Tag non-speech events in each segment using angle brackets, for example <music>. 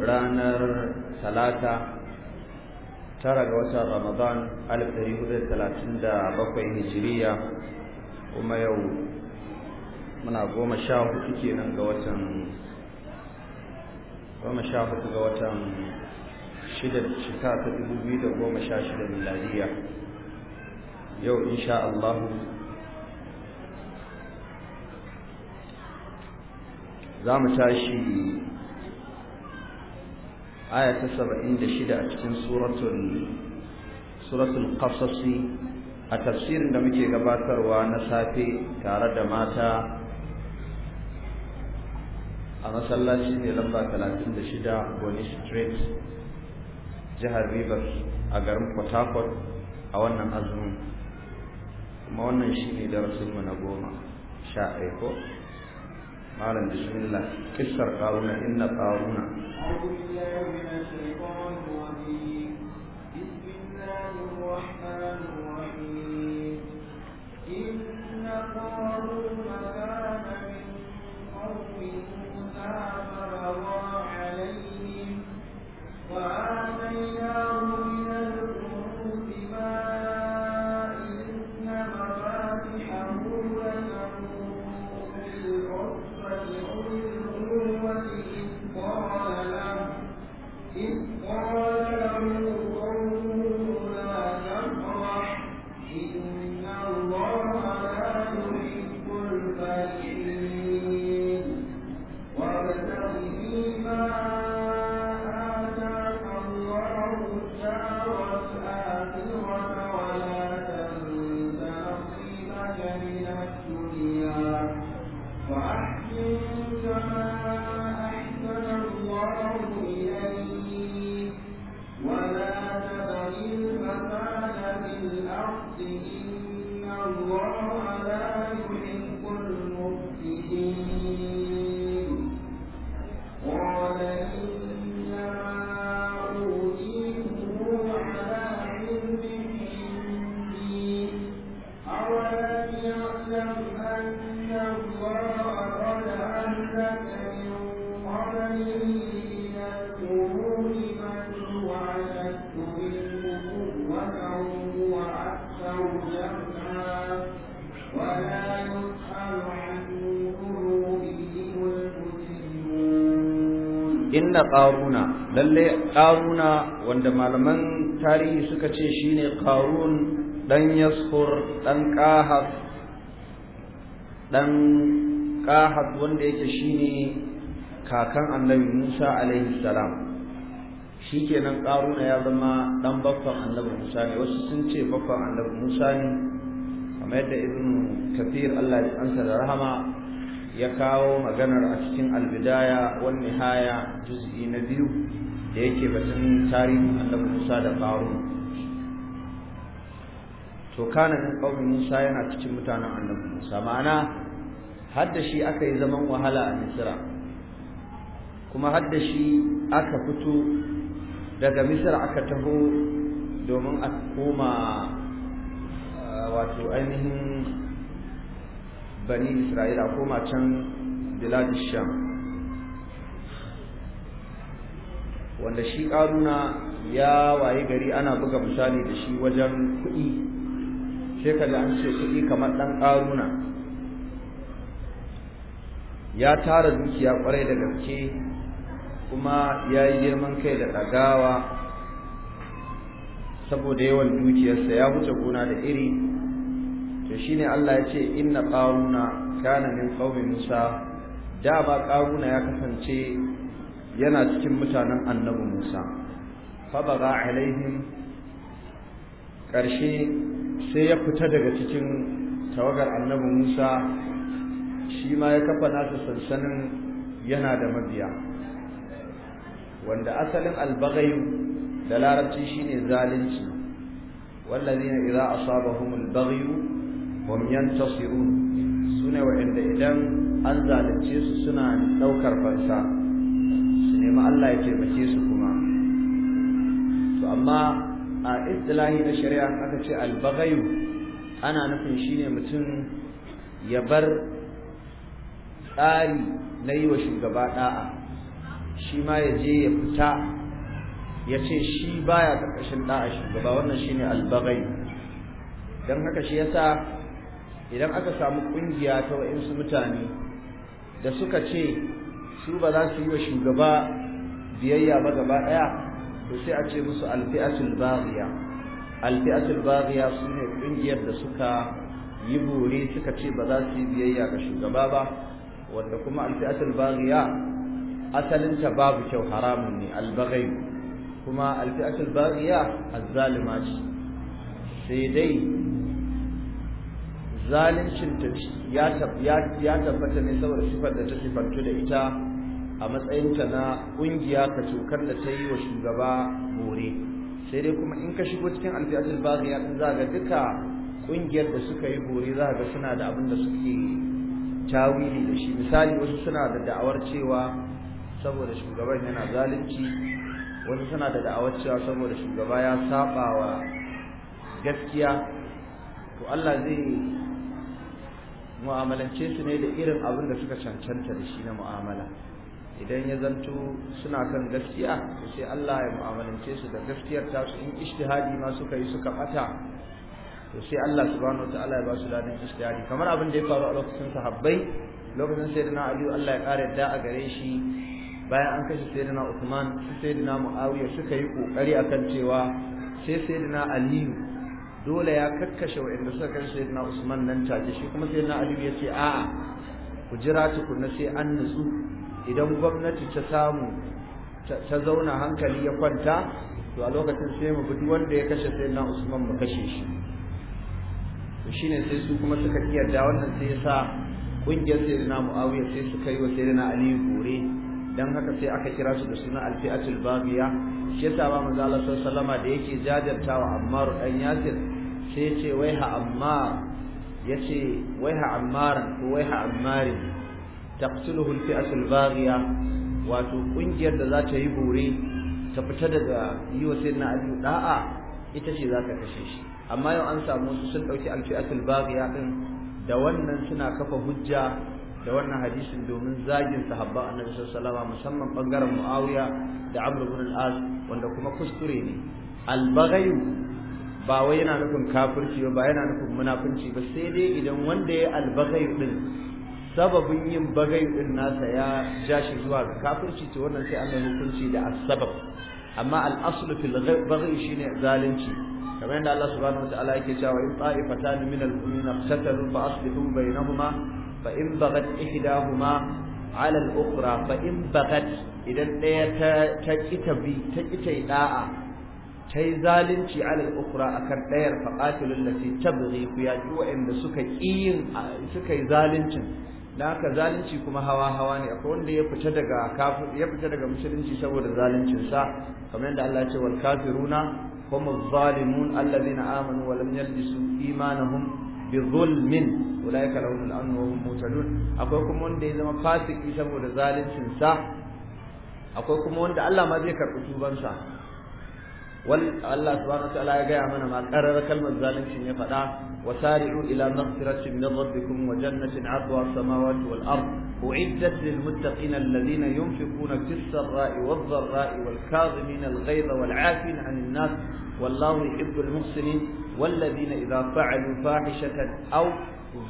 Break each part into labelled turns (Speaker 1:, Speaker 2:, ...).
Speaker 1: ranar talata tara ga watan ramadan 1437 hijiriya kuma yau muna goma sha hudu kenan ga watan goma sha hudu ga watan shida shika ta dubu biyu da goma sha shida miladiya yau insha Allahu za mu tashi aya ta 76 a cikin suratul suratul a tafsirin da muke gabatarwa na safe tare da mata a masallaci ne lamba 36 Bonny Street jihar Rivers a garin Port Harcourt a wannan azumin kuma wannan shine darasin mu na goma sha ɗaya قال بسم الله كسر قارون إن قارون
Speaker 2: أعوذ بالله من الشيطان الرجيم بسم الله الرحمن الرحيم إن قارون كان من قوم موسى فبغى عليهم وآتينا والله
Speaker 1: inna qaruna lalle qaruna wanda malaman tarihi suka ce shine qarun dan yaskur, dan qahab dan qahab wanda yake shine kakan annabi Musa alaihi salam shikenan qaruna ya zama dan baffan annabi Musa ne wasu sun ce baffan annabi Musa ne kamar yadda ibn kafir Allah ya ansa da rahama ya kawo maganar a cikin albidaya wani nihaya juz'i na biyu da yake batun tarihin annabi Musa da faru. to kana min qaumi Musa yana cikin mutanen annabi Musa ma'ana hadda shi aka yi zaman wahala a Misra kuma hadda shi aka fito daga Misra aka taho domin a koma wato ainihin bani isra'ila koma can biladisham wanda shi ƙaruna ya waye gari ana buga misali da shi wajen kuɗi sai kaga an ce kuɗi kamar ɗan ƙaruna. ya tara dukiya kwarai da gaske kuma ya yi girman kai da ɗagawa saboda yawan dukiyarsa ya wuce gona da iri to shine Allah ya ce inna qaruna kana min qaumi Musa da ba qaruna ya kasance yana cikin mutanen annabi Musa fa baga alaihim karshe sai ya fita daga cikin tawagar annabi Musa shi ma ya kafa nasa sansanin yana da mabiya wanda asalin albagai da larabci shine zalunci wallazina idza asabahum albaghy hum yantasirun sune wa'anda idan an zalunce su suna daukar fansa su nemi Allah ya taimake su kuma to amma a istilahi na shari'a aka ce albagayu. ana nufin shine mutum ya bar tsari na yi wa shugaba da'a shi ma ya je ya fita ya ce shi baya karkashin da'a shugaba wannan shine albagai, dan haka shi yasa idan aka samu kungiya ta wa'insu mutane da suka ce su ba za su yi wa shugaba biyayya ba gaba ɗaya to sai a ce musu alfi'atul baghiya alfi'atul baghiya su ne kungiyar da suka yi bore suka ce ba za su yi biyayya ga shugaba ba wanda kuma alfi'atul baghiya asalinta babu kyau haramun ne albagai kuma alfi'atul baghiya azzalima ce sai dai zalincin ta ya tabbata ne saboda sifar da ta sifantu da ita a matsayin ta na ƙungiya ka cokar da ta yi wa shugaba bore sai dai kuma in ka shigo cikin alfiyatul baghiya din za ga duka ƙungiyar da suka yi bore za ga suna da abin da suke tawili da shi misali wasu suna da da'awar cewa saboda shugaban yana zalunci wasu suna da da'awar cewa saboda shugaba ya saba wa gaskiya to Allah zai mu'amalance su ne da irin abin da suka cancanta da shi na mu'amala idan ya zanto suna kan gaskiya to sai Allah ya mu'amalance su da gaskiyar ta su in ijtihadi ma suka yi suka bata to sai Allah subhanahu wataala ya ba su ladan ijtihadi kamar abin da ya faru a lokacin sahabbai lokacin sayyidina Ali Allah ya kare da a gare shi bayan an kashe sayyidina Uthman sayyidina Muawiya suka yi kokari akan cewa sai sayyidina Aliyu dole ya kakkashe wa'anda suka kan na Usman nan take shi kuma sai na Ali ya ce a'a ku jira tukunna sai an nutsu idan gwamnati ta samu ta zauna hankali ya kwanta to a lokacin sai mu bi wanda ya kashe sai na Usman mu kashe shi to shine sai su kuma suka kiyarda wannan sai yasa kungiyar na Muawiya sai suka yi wa sai na Ali gore dan haka sai aka kira su da suna alfi'atul babiya shi yasa ba manzo Allah sallallahu da yake jajartawa Ammar dan Yasir sai ya ce wai ha yace wai ha Ammar ko wai ha Ammar taqtuluhu alfi'atul baghiya wato kungiyar da za ta yi bore ta fita daga yi wa sayyidina Ali da'a ita ce za ta kashe shi amma yau an samu su sun dauki alfi'atul baghiya din da wannan suna kafa hujja da wannan hadisin domin zagin sahabban annabi sallallahu alaihi musamman bangaren muawiya da amr ibn al-as wanda kuma kuskure ne al-baghay ba wai yana nufin kafirci ba yana nufin munafunci ba sai dai idan wanda ya al-baghay din sababin yin bagay din nasa ya ja shi zuwa ga kafirci to wannan sai Allah hukunci da as-sabab amma al-aslu fil baghay shine zalunci kamar yadda Allah subhanahu wa ta'ala yake cewa in ta'ifatan min al-mu'minina qatalu fa aslihu bainahuma fa in bagat ihdahuma ala al-ukhra fa bagat idan ɗaya ta ta kita bi ta kita da'a tai zalunci ala al-ukhra ɗayar dayar fa qatilul lati tabghi ku ya ji wa'anda suka kiyin suka yi zaluncin da haka zalunci kuma hawa hawa ne akwai wanda ya fita daga kafir ya fita daga musulunci saboda zaluncin sa kamar yadda Allah ya ce wal kafiruna hum adh-dhalimun alladhina amanu wa lam yalbisu imanahum bi zulmin ulaika lahum al-amn wa hum muhtadun akwai kuma wanda ya zama fasiki saboda zaluncin sa akwai kuma wanda Allah ma zai karɓi tuban sa wal Allah subhanahu wa ta'ala ya gaya mana ma qarar kalmar zaluncin ya faɗa wa sari'u ila maghfiratin min rabbikum wa jannatin 'arduha as-samawati wal ard u'iddat lil muttaqin alladhina yunfiquna fis-sarra'i wadh-dharra'i wal kadhimina al-ghayza wal 'afina 'anil nas والله يحب المحسنين والذين إذا فعلوا فاحشة أو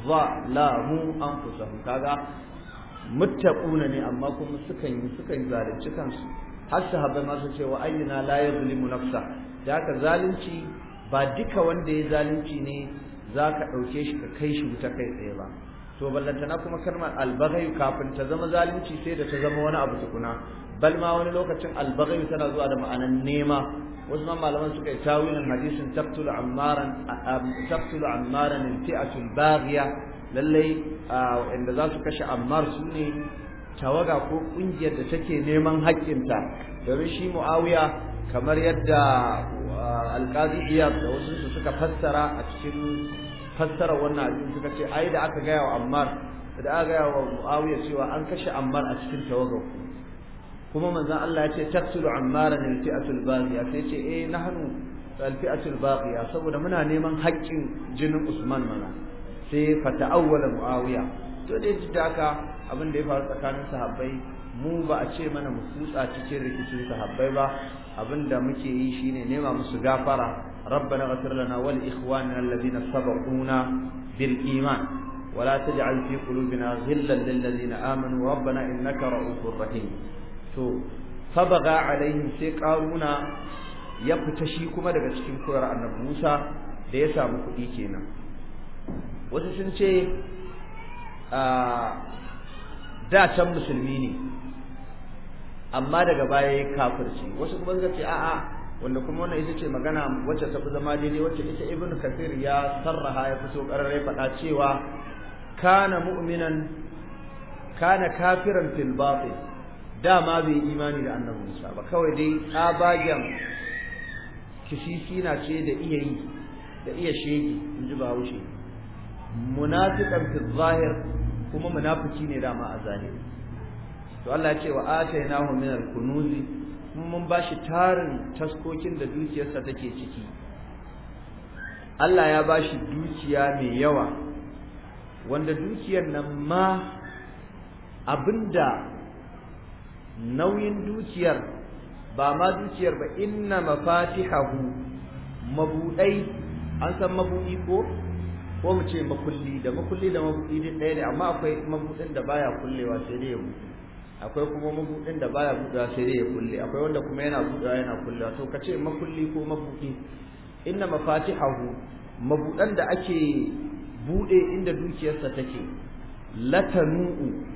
Speaker 1: ظلموا أنفسهم كذا متقون ne amma kuma sukan yi sukan zalunci kansu har sahabbai ma su ce wa ayyuna la yuzlimu nafsa da haka zalunci ba duka wanda ya zalunci ne zaka ɗauke shi ka kai shi wuta kai tsaye ba to ballantana kuma kalmar albaghai kafin ta zama zalunci sai da ta zama wani abu tukuna bal ma wani lokacin albaghi tana zuwa da ma'anan nema wasu ma malaman suka yi tawilin hadisin taqtul ammaran taqtul ammaran al-fi'atul baghiya lallai inda za su kashe ammar su ne tawaga ko kungiyar da take neman haƙƙinta domin shi muawiya kamar yadda alqazi iyad da wasu su suka fassara a cikin fassara wannan abin suka ce ai da aka gaya wa ammar da aka gaya wa muawiya cewa an kashe ammar a cikin tawaga. ku kuma manzon Allah ya ce taqtulu ammaran alfi'atul baghiya sai ce eh nahnu alfi'atul baghiya saboda muna neman haƙƙin jinin Usman mana sai fata'awwala Muawiya to da yadda abin da ya faru tsakanin sahabbai mu ba a ce mana mu kutsa cikin rikicin sahabbai ba abin da muke yi shine nema musu gafara rabbana ghfir lana wal ikhwanina alladhina sabaquna bil iman ولا تجعل في قلوبنا غلا للذين آمنوا ربنا إنك رؤوف رحيم to fabaga alaihim sai karuna ya fita shi kuma daga cikin koyar annabi Musa da ya samu kuɗi kenan wasu sun ce da can musulmi ne amma daga baya ya kafirci wasu kuma suka ce a'a wanda kuma wannan ita ce magana wacce ta fi zama daidai wacce ita ibnu kasir ya sarraha ya fito ƙararrai faɗa cewa kana mu'minan kana kafiran fil batil dama bai imani da annabi Musa ba kawai dai tsabagen kisisi na ce da iya yi da iya shege in ji bahaushe munafiqan fi zahir kuma munafiki ne dama a zahiri to Allah ya ce wa atainahu min al-kunuzi mun bashi tarin taskokin da dukiyarsa take ciki Allah ya bashi dukiya mai yawa wanda dukiyar nan ma abinda nauyin dukiyar ba ma dukiyar ba inna mafatihahu mabudai an san mabudi ko ko mu ce makulli da makulli da mabudi din ɗaya ne amma akwai mabudin da baya kullewa sai dai ya buɗe akwai kuma mabudin da baya buɗewa sai dai ya kulle akwai wanda kuma yana buɗewa yana kullewa to ka ce makulli ko mabudi inna mafatihahu mabudan da ake buɗe inda dukiyarsa take latanu'u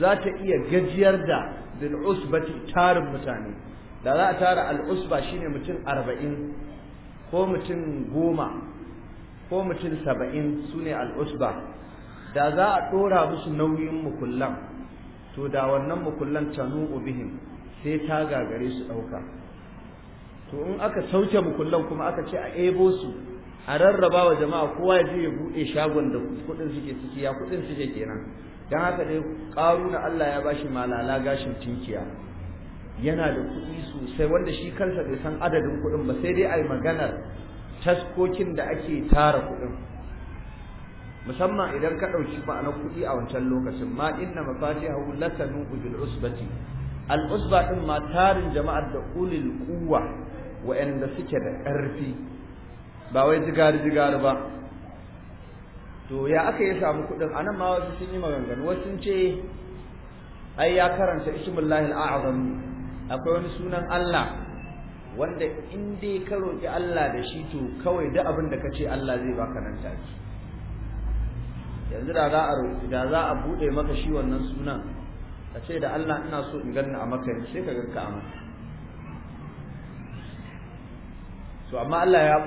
Speaker 1: za ta iya gajiyar da bil usbati tarin mutane da za a tara al usba shine mutum 40 ko mutum goma ko mutum 70 sune al usba da za a dora musu nauyin mukullan to da wannan mukullan tanu'u ubihim sai ta gagare su dauka to in aka sauke mukullan kuma aka ce a ebo su a rarraba wa jama'a kowa ya je ya bude shagon da kudin suke ciki ya kudin suke kenan don haka dai na Allah ya bashi malala gashin tinkiya yana da kuɗi sosai wanda shi kansa bai san adadin kuɗin ba sai dai a yi maganar taskokin da ake tara kuɗin musamman idan ka ɗauki ma'anar kuɗi a wancan lokacin ma inna mafatihahu latanu bil usbati al usba ma tarin jama'ar da ulil wa wa'anda suke da ƙarfi ba wai jigari jigari ba to ya aka yi samu kuɗin anan ma wasu sun yi maganganu wasu sun ce ai ya karanta ismullahi al'azam akwai wani sunan Allah wanda in dai ka roƙi Allah da shi to kawai duk abin da kace Allah zai baka nan take yanzu da za a roƙi da za a bude maka shi wannan sunan ka ce da Allah ina so in ganna a maka sai ka ganka a maka to amma Allah ya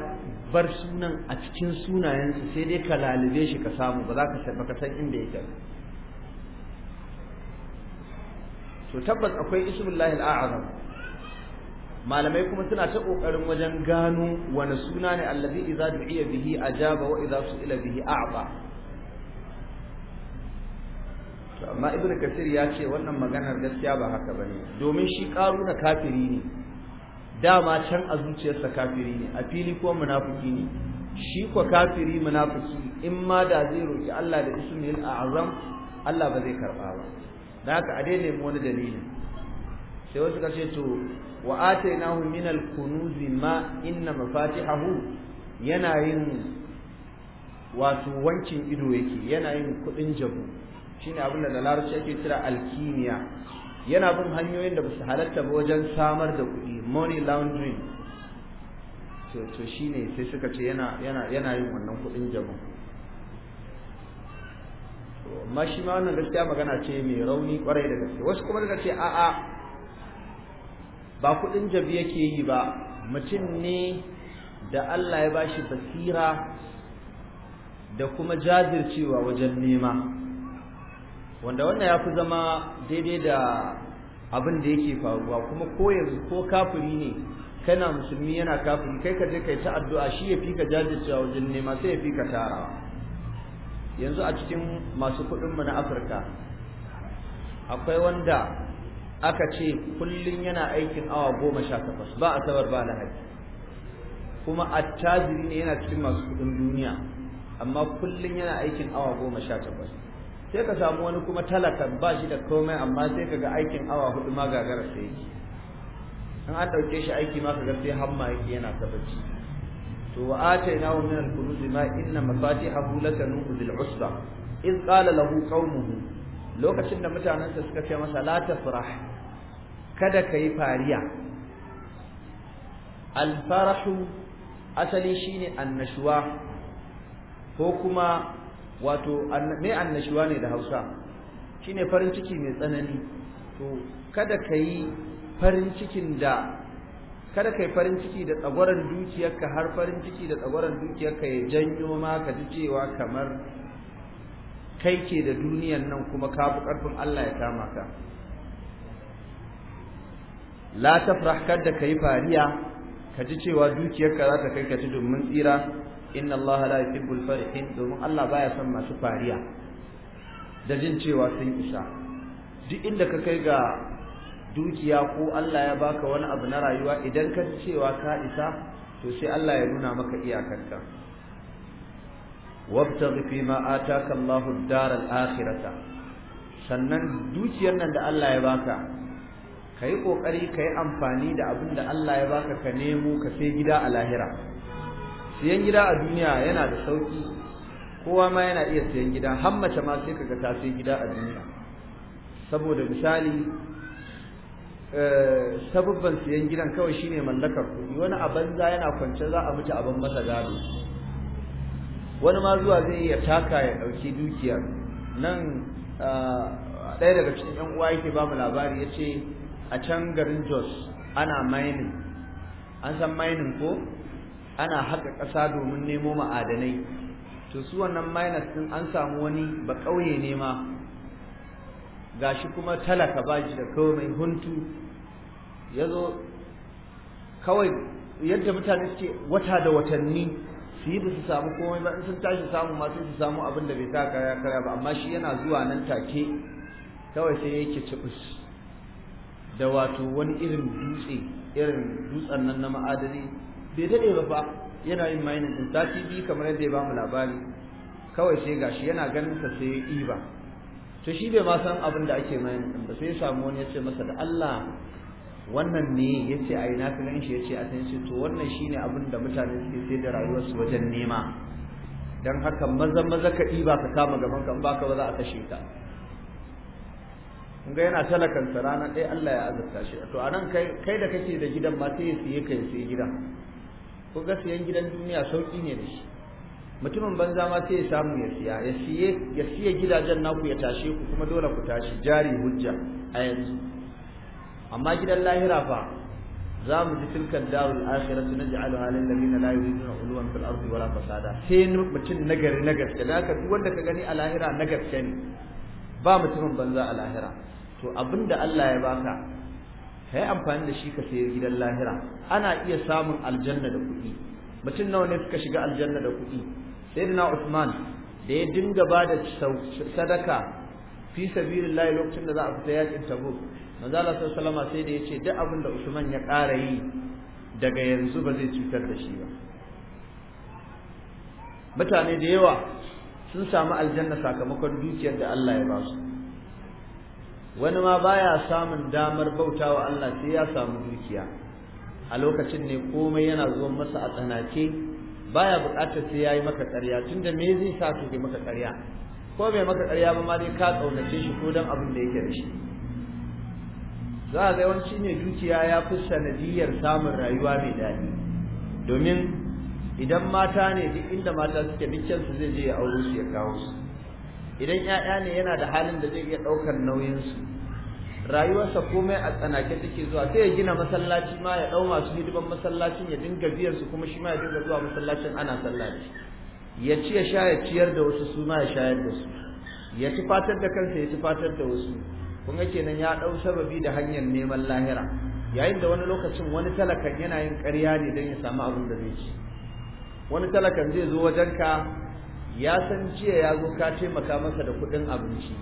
Speaker 1: bar sunan a cikin sunayensa sai dai ka lalube shi ka samu ba za ka san ka san inda yake to tabbas akwai ismullahi al'azam malamai kuma suna ta ƙoƙarin wajen gano wani suna ne allazi idza du'iya bihi ajaba wa idza su'ila bihi a'ta to amma ibnu kasir ya ce wannan maganar gaskiya ba haka bane domin shi da kafiri ne dama can a zuciyarsa kafiri ne a fili ko munafuki ne shi ko kafiri munafiki in ma da zai roki Allah da a a'zam Allah ba zai karba ba da haka a dai mu wani dalili sai wasu kashe to wa atainahu min al-kunuz ma inna mafatihahu yana yin wato wankin ido yake yana yin kudin jabu shine abin da larabci ake kira alkimiya yana bin hanyoyin da ba su halatta ba wajen samar da kuɗi money laundering to to ne sai suka ce yana yin wannan kuɗin jama'a amma shi ma wannan gaskiya magana ce mai rauni kwarai da gaske wasu kuma daga ce a'a ba kuɗin jabi yake yi ba mutum ne da Allah ya ba shi basira da kuma jajircewa wajen nema wanda wannan ya fi zama daidai da abin da yake faruwa kuma ko yanzu ko kafiri ne kana musulmi yana kafiri kai ka je kai ta addu'a shi ya fi ka jajircewa wajen nema sai ya fi ka tarawa yanzu a cikin masu kuɗin na Afirka akwai wanda aka ce kullum yana aikin awa goma sha takwas ba asabar ba lahadi kuma attajiri ne yana cikin masu kuɗin duniya amma kullum yana aikin awa goma sha takwas sai ka samu wani kuma talakan ba shi da komai amma sai ka ga aikin awa hudu ma gagara sai yake in an ɗauke shi aiki ma ka ga sai hamma yake yana ta bacci to wa atainahu min al-kunuz ma inna mafatihahu lakanu bil usba iz qala lahu qaumuhu lokacin da mutanensa suka ce masa la tafrah kada kai fariya al-farahu asali shine annashuwa ko kuma wato me annashuwa ne da Hausa shine farin ciki mai tsanani to kada ka yi farin cikin da kada ka yi farin ciki da tsagwaron dukiyarka har farin ciki da tsagwaron dukiyarka ya janyo ma ka ji cewa kamar kai ke da duniyan nan kuma ka fi ƙarfin Allah ya kama ka la tafrah kada ka yi fariya ka ji cewa dukiyarka za ta kai ka ci domin tsira inna Allah la yuhibbul farihin domin Allah baya son masu fariya da jin cewa sun isa duk inda ka kai ga dukiya ko Allah ya baka wani abu na rayuwa idan ka cewa ka isa to sai Allah ya nuna maka iyakarka wabtaghi fima ataka Allahu ad-dar al-akhirata sannan dukiyar nan da Allah ya baka kai kokari kai amfani da abin da Allah ya baka ka nemo ka sai gida a lahira siyan gida a duniya yana da sauki kowa ma yana iya siyan gida har mace ma sai kaga ta sai gida a duniya saboda misali eh, sabubban siyan gidan kawai shine mallakar kuɗi wani a banza yana kwance za a mutu abin masa gado wani ma zuwa zai iya taka ya ɗauki dukiyar nan eh, ɗaya daga cikin yan uwa yake bamu labari ya ce a can garin jos ana mining an san mainin ko ana haka ƙasa domin nemo ma'adanai to su wannan minus din an samu wani ba ƙauye ne ma gashi kuma talaka shi da kawai mai huntu ya zo kawai yadda mutane suke wata da watanni su yi su samu komai ba in sun tashi samu ma su samu abin da bai sa kaya kaya ba amma shi yana zuwa nan take kawai sai yake cikus. da wato wani irin dutse irin dutsen nan na ma'adani bai daɗe ba fa yana yin mining ɗin sati biyu kamar yadda ya ba mu labari kawai sai gashi yana ganin sa sai iba to shi bai ma san abin da ake mining din ba sai ya samu wani ya ce masa da Allah wannan ne ya ce a yi na ganin shi ya ce a san to wannan shi ne abin da mutane suke sai da rayuwarsu wajen nema don haka maza maza ka ɗiba ka kama gaban ka ba ka ba za a kashe ka ga yana talakansa rana ɗaya Allah ya azurta shi to a nan kai da kake da gidan ma sai ya siye ka ya siye gidan ko ga siyan gidan duniya sauki ne da shi mutumin banza ma sai ya samu ya siya ya siye ya siya gidajen naku ya tashe ku kuma dole ku tashi jari hujja a yanzu amma gidan lahira fa za mu ji tilkan darul akhiratu naj'aluha lil ladina la yuriduna uluwan fil ardi wala fasada sai mutum nagari na gaske da ka duk wanda ka gani a lahira na gaske ne ba mutumin banza a lahira to abinda Allah ya baka ka yi amfani da shi ka sayi gidan lahira ana iya samun aljanna da kuɗi mutum nawa ne suka shiga aljanna da kuɗi sayyidina usman da ya dinga ba da sadaka fi sabilillahi lokacin da za a fita yakin tabuk manzo Allah sallallahu alaihi sai da ya ce duk abin da Usman ya ƙara yi daga yanzu ba zai cutar da shi ba mutane da yawa sun samu aljanna sakamakon dukiyar da Allah ya ba su wani ma baya samun damar bautawa Allah sai ya samu dukiya a lokacin ne komai yana zuwa masa a tsanake baya buƙatar sai yayi maka ƙarya tunda me zai sa ka yi maka ƙarya ko bai maka ƙarya ba ma dai ka kaunace shi ko dan abin da yake da shi za a ga yawanci ne dukiya ya fi sanadiyar samun rayuwa mai daɗi domin idan mata ne duk inda mata suke dukkan su zai je ya aure su ya kawo su idan 'ya'ya ne yana da halin da zai iya ɗaukar nauyinsu rayuwarsa komai a tsanake take zuwa sai ya gina masallaci ma ya ɗau masu hidiman masallacin ya dinga biyan su kuma shi ma ya dinga zuwa masallacin ana sallaci ya ci ya sha ya ciyar da wasu su ma ya shayar da su ya ci fatar da kansa ya ci fatar da wasu kun ga kenan ya ɗau sababi da hanyar neman lahira yayin da wani lokacin wani talakan yana yin ƙarya ne don ya samu abin da zai ci wani talakan zai zo wajenka ya san jiya ya zo ka taimaka masa da kuɗin abinci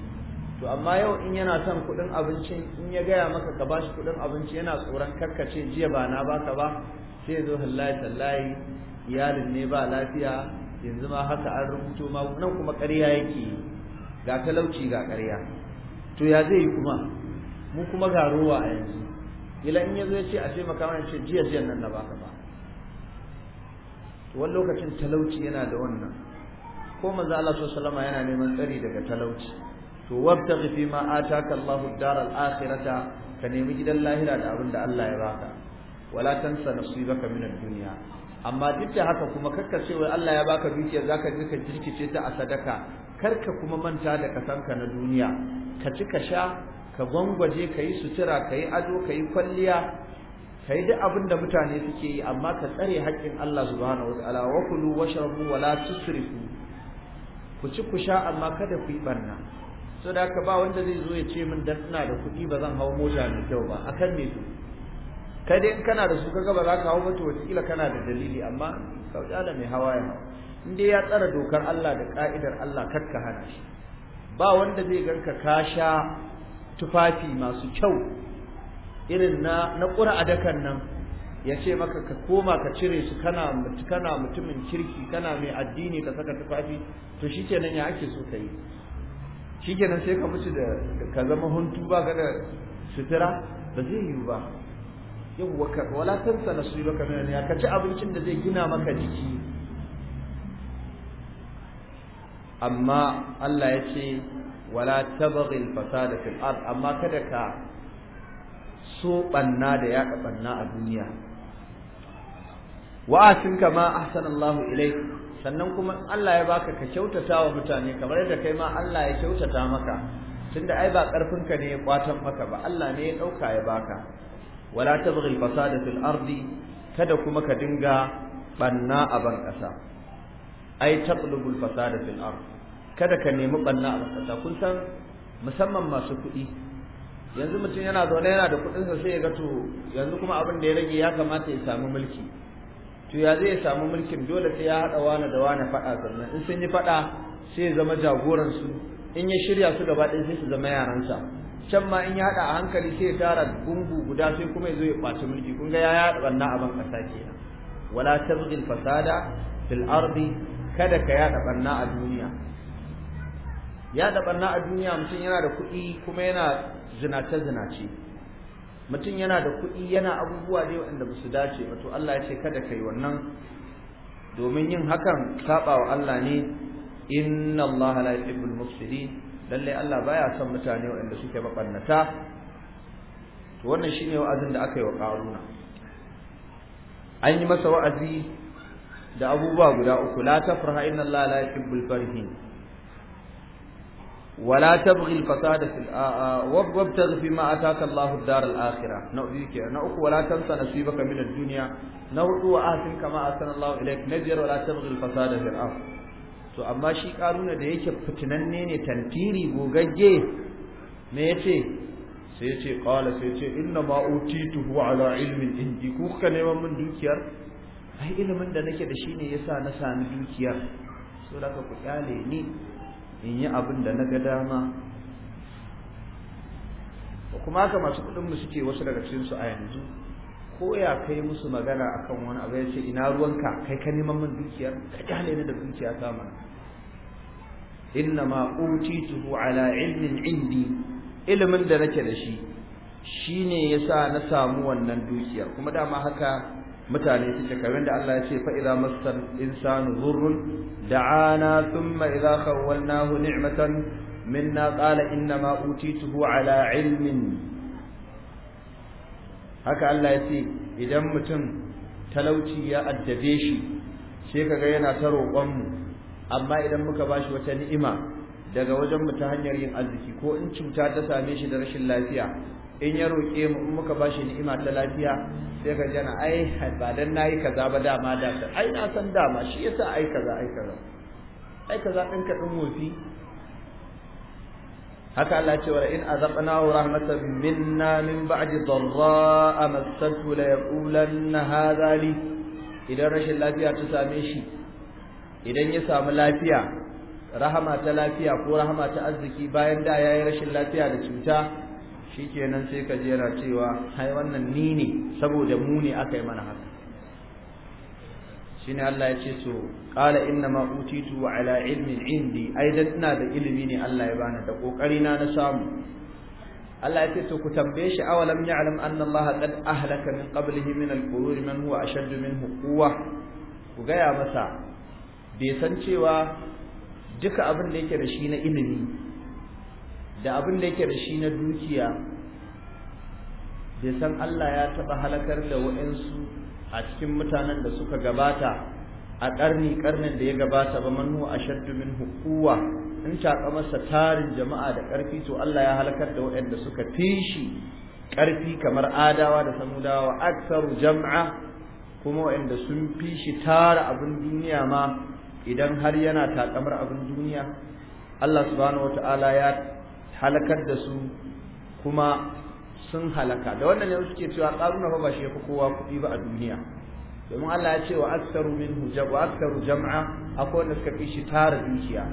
Speaker 1: to amma yau in yana son kuɗin abincin in ya gaya maka ka bashi kuɗin abinci yana tsoron karkace jiya ba na baka ba sai zo hallahi tallahi iyalin ne ba lafiya yanzu ma haka an rubuto ma nan kuma ƙarya yake ga talauci ga ƙarya to ya zai yi kuma mu kuma ga ruwa a yanzu ila in yazo ya ce a ce maka wannan ce jiya jiya nan na baka ba to wani lokacin talauci yana da wannan ko manzo Allah sallallahu alaihi yana neman tsari daga talauci to wabtaghi fi ma ataka Allahu ad-daral akhirata ka nemi gidan lahira da abin da Allah ya baka wala tansa nasibaka min ad-dunya amma duk da haka kuma karka ce wai Allah ya baka dukiya zaka je ka jirkice ta a sadaka karka kuma manta da kasanka na duniya ka ci ka sha ka gwangwaje ka yi sutura ka yi ado ka yi kwalliya ka yi duk abin da mutane suke yi amma ka tsare haƙƙin Allah subhanahu wa ta'ala wa kulu washrabu wa la tusrifu ku ci ku sha amma kada ku yi barna so da haka ba wanda zai zo ya ce min dan ina da kuɗi ba zan hawo mota mai kyau ba akan me to kai dai in kana da su kaga ba za ka hawo ba to kila kana da dalili amma sauƙi ala mai hawa ya in dai ya tsara dokar Allah da ka'idar Allah kar ka hana shi ba wanda zai ganka ka sha tufafi masu kyau irin na na ƙura adakan nan ya ce maka ka koma ka cire su kana kana mutumin kirki kana mai addini ka saka tufafi to shikenan ya ake so ka yi shikenan sai ka mutu da ka zama huntu ba ka da sutura ba zai yi ba yau waka wala tansa baka min ya ka ci abincin da zai gina maka jiki amma Allah ya ce wala tabghi al-fasada fil ard amma kada ka so banna da ya banna a duniya wa asin kama ahsanallahu ilaik sannan kuma Allah ya baka ka kyautata wa mutane kamar yadda kai ma Allah ya kyautata maka tunda ai ba karfinka ne ya kwatan maka ba Allah ne ya dauka ya baka wala tabghi al-fasada fil ardi kada kuma ka dinga banna a ban kasa ai taqlubu al-fasada fil ardi kada ka nemi banna a ban kasa kun san musamman masu kuɗi yanzu mutum yana zaune yana da kuɗinsa sai ya ga to yanzu kuma abin da ya rage ya kamata ya samu mulki to ya zai samu mulkin dole sai ya hada wani da wani fada sannan in sun yi fada sai ya zama jagoran su in ya shirya su gaba ɗaya sai su zama yaransa can ma in ya hada a hankali sai ya tara gungu guda sai kuma ya zo ya kwace mulki kun ga ya yada wannan abin kasa kenan wala tabghi fasada fil ardi kada ka yada barna a duniya Yaɗa barna a duniya mutum yana da kuɗi kuma yana zinace zinace mutum yana da kuɗi yana abubuwa dai waɗanda ba su dace ba to Allah ya ce kada kai wannan domin yin hakan saba wa Allah ne inna Allah la yuhibbul mufsidin lalle Allah baya son mutane waɗanda suke mabannata to wannan shine wa'azin da aka yi wa Qaruna an yi masa wa'azi da abubuwa guda uku la tafraha inna Allah la yuhibbul farihin ولا تبغي الفساد في وابتغ فيما اتاك الله الدار الاخره نؤذيك نؤك ولا تنسى نصيبك من الدنيا نوض واحسن كما احسن الله اليك نجر ولا تبغي الفساد في الارض to amma shi karuna da yake fitinanne ne tantiri gogagge me ce sai ce qala sai yace inna ma utituhu ala ilmin indi ku ka neman min dukiyar ai ilimin da nake da shi ne yasa na sami dukiyar so ka ku kyale ni in yi abin da na ga dama kuma haka masu kuɗin mu suke wasu daga cikin su a yanzu ko ya kai musu magana akan wani abu ya ce ina ruwanka kai ka neman min dukiya ka kyale ni da dukiya ta mana inna ma utituhu ala ilmin indi ilimin da nake da shi shine yasa na samu wannan dukiya. kuma dama haka mutane suke kamar da Allah ya ce fa idza massal insanu dhurrun da'ana thumma idza khawwalnahu ni'matan minna qala inna ma utituhu ala ilmin haka Allah ya ce idan mutum talauci ya addabe shi sai kaga yana ta roƙon mu amma idan muka bashi wata ni'ima daga wajen mu ta hanyar yin arziki ko in cuta ta same shi da rashin lafiya in ya roƙe mu in muka bashi ni'ima ta lafiya sai ka jana ai ba dan nayi kaza ba dama da ta ai na san dama shi yasa ai kaza ai kaza ai kaza din ka din mofi haka Allah ce wa in wa rahmatan minna min ba'di dharra amassatu la yaqulanna hadha li idan rashin lafiya ta same shi idan ya samu lafiya rahama ta lafiya ko rahama ta arziki bayan da yayi rashin lafiya da cuta shikenan sai ka jera cewa ai wannan ni ne saboda mu ne aka yi mana haka shine Allah ya ce so qala inna ma utitu ala ilmin indi ai dan ina da ilimi ne Allah ya bani da kokari na na samu Allah ya ce to ku tambaye shi awalam ya'lam anna Allah qad ahlaka min qablihi min al-qurun man huwa ashaddu minhu quwwa ku gaya masa bai san cewa duka abin da yake da shi na ilimi da abin da yake da shi na dukiya sai san Allah ya taɓa halakar da wa'insu a cikin mutanen da suka gabata a ƙarni ƙarnin da ya gabata ba manhu a shaddu min hukuwa in taƙa masa tarin jama'a da ƙarfi to Allah ya halakar da waɗanda suka fi shi ƙarfi kamar adawa da samudawa aksaru jam'a kuma waɗanda sun fi shi tara abin duniya ma idan har yana taƙamar abin duniya Allah subhanahu wata'ala ya halakar da su kuma sun halaka da wannan ne suke cewa karuna fa ba shi yafi kowa kuɗi ba a duniya domin Allah ya ce wa aktsaru hujab wa aktsaru jam'a akwai wanda suka fi shi tara dukiya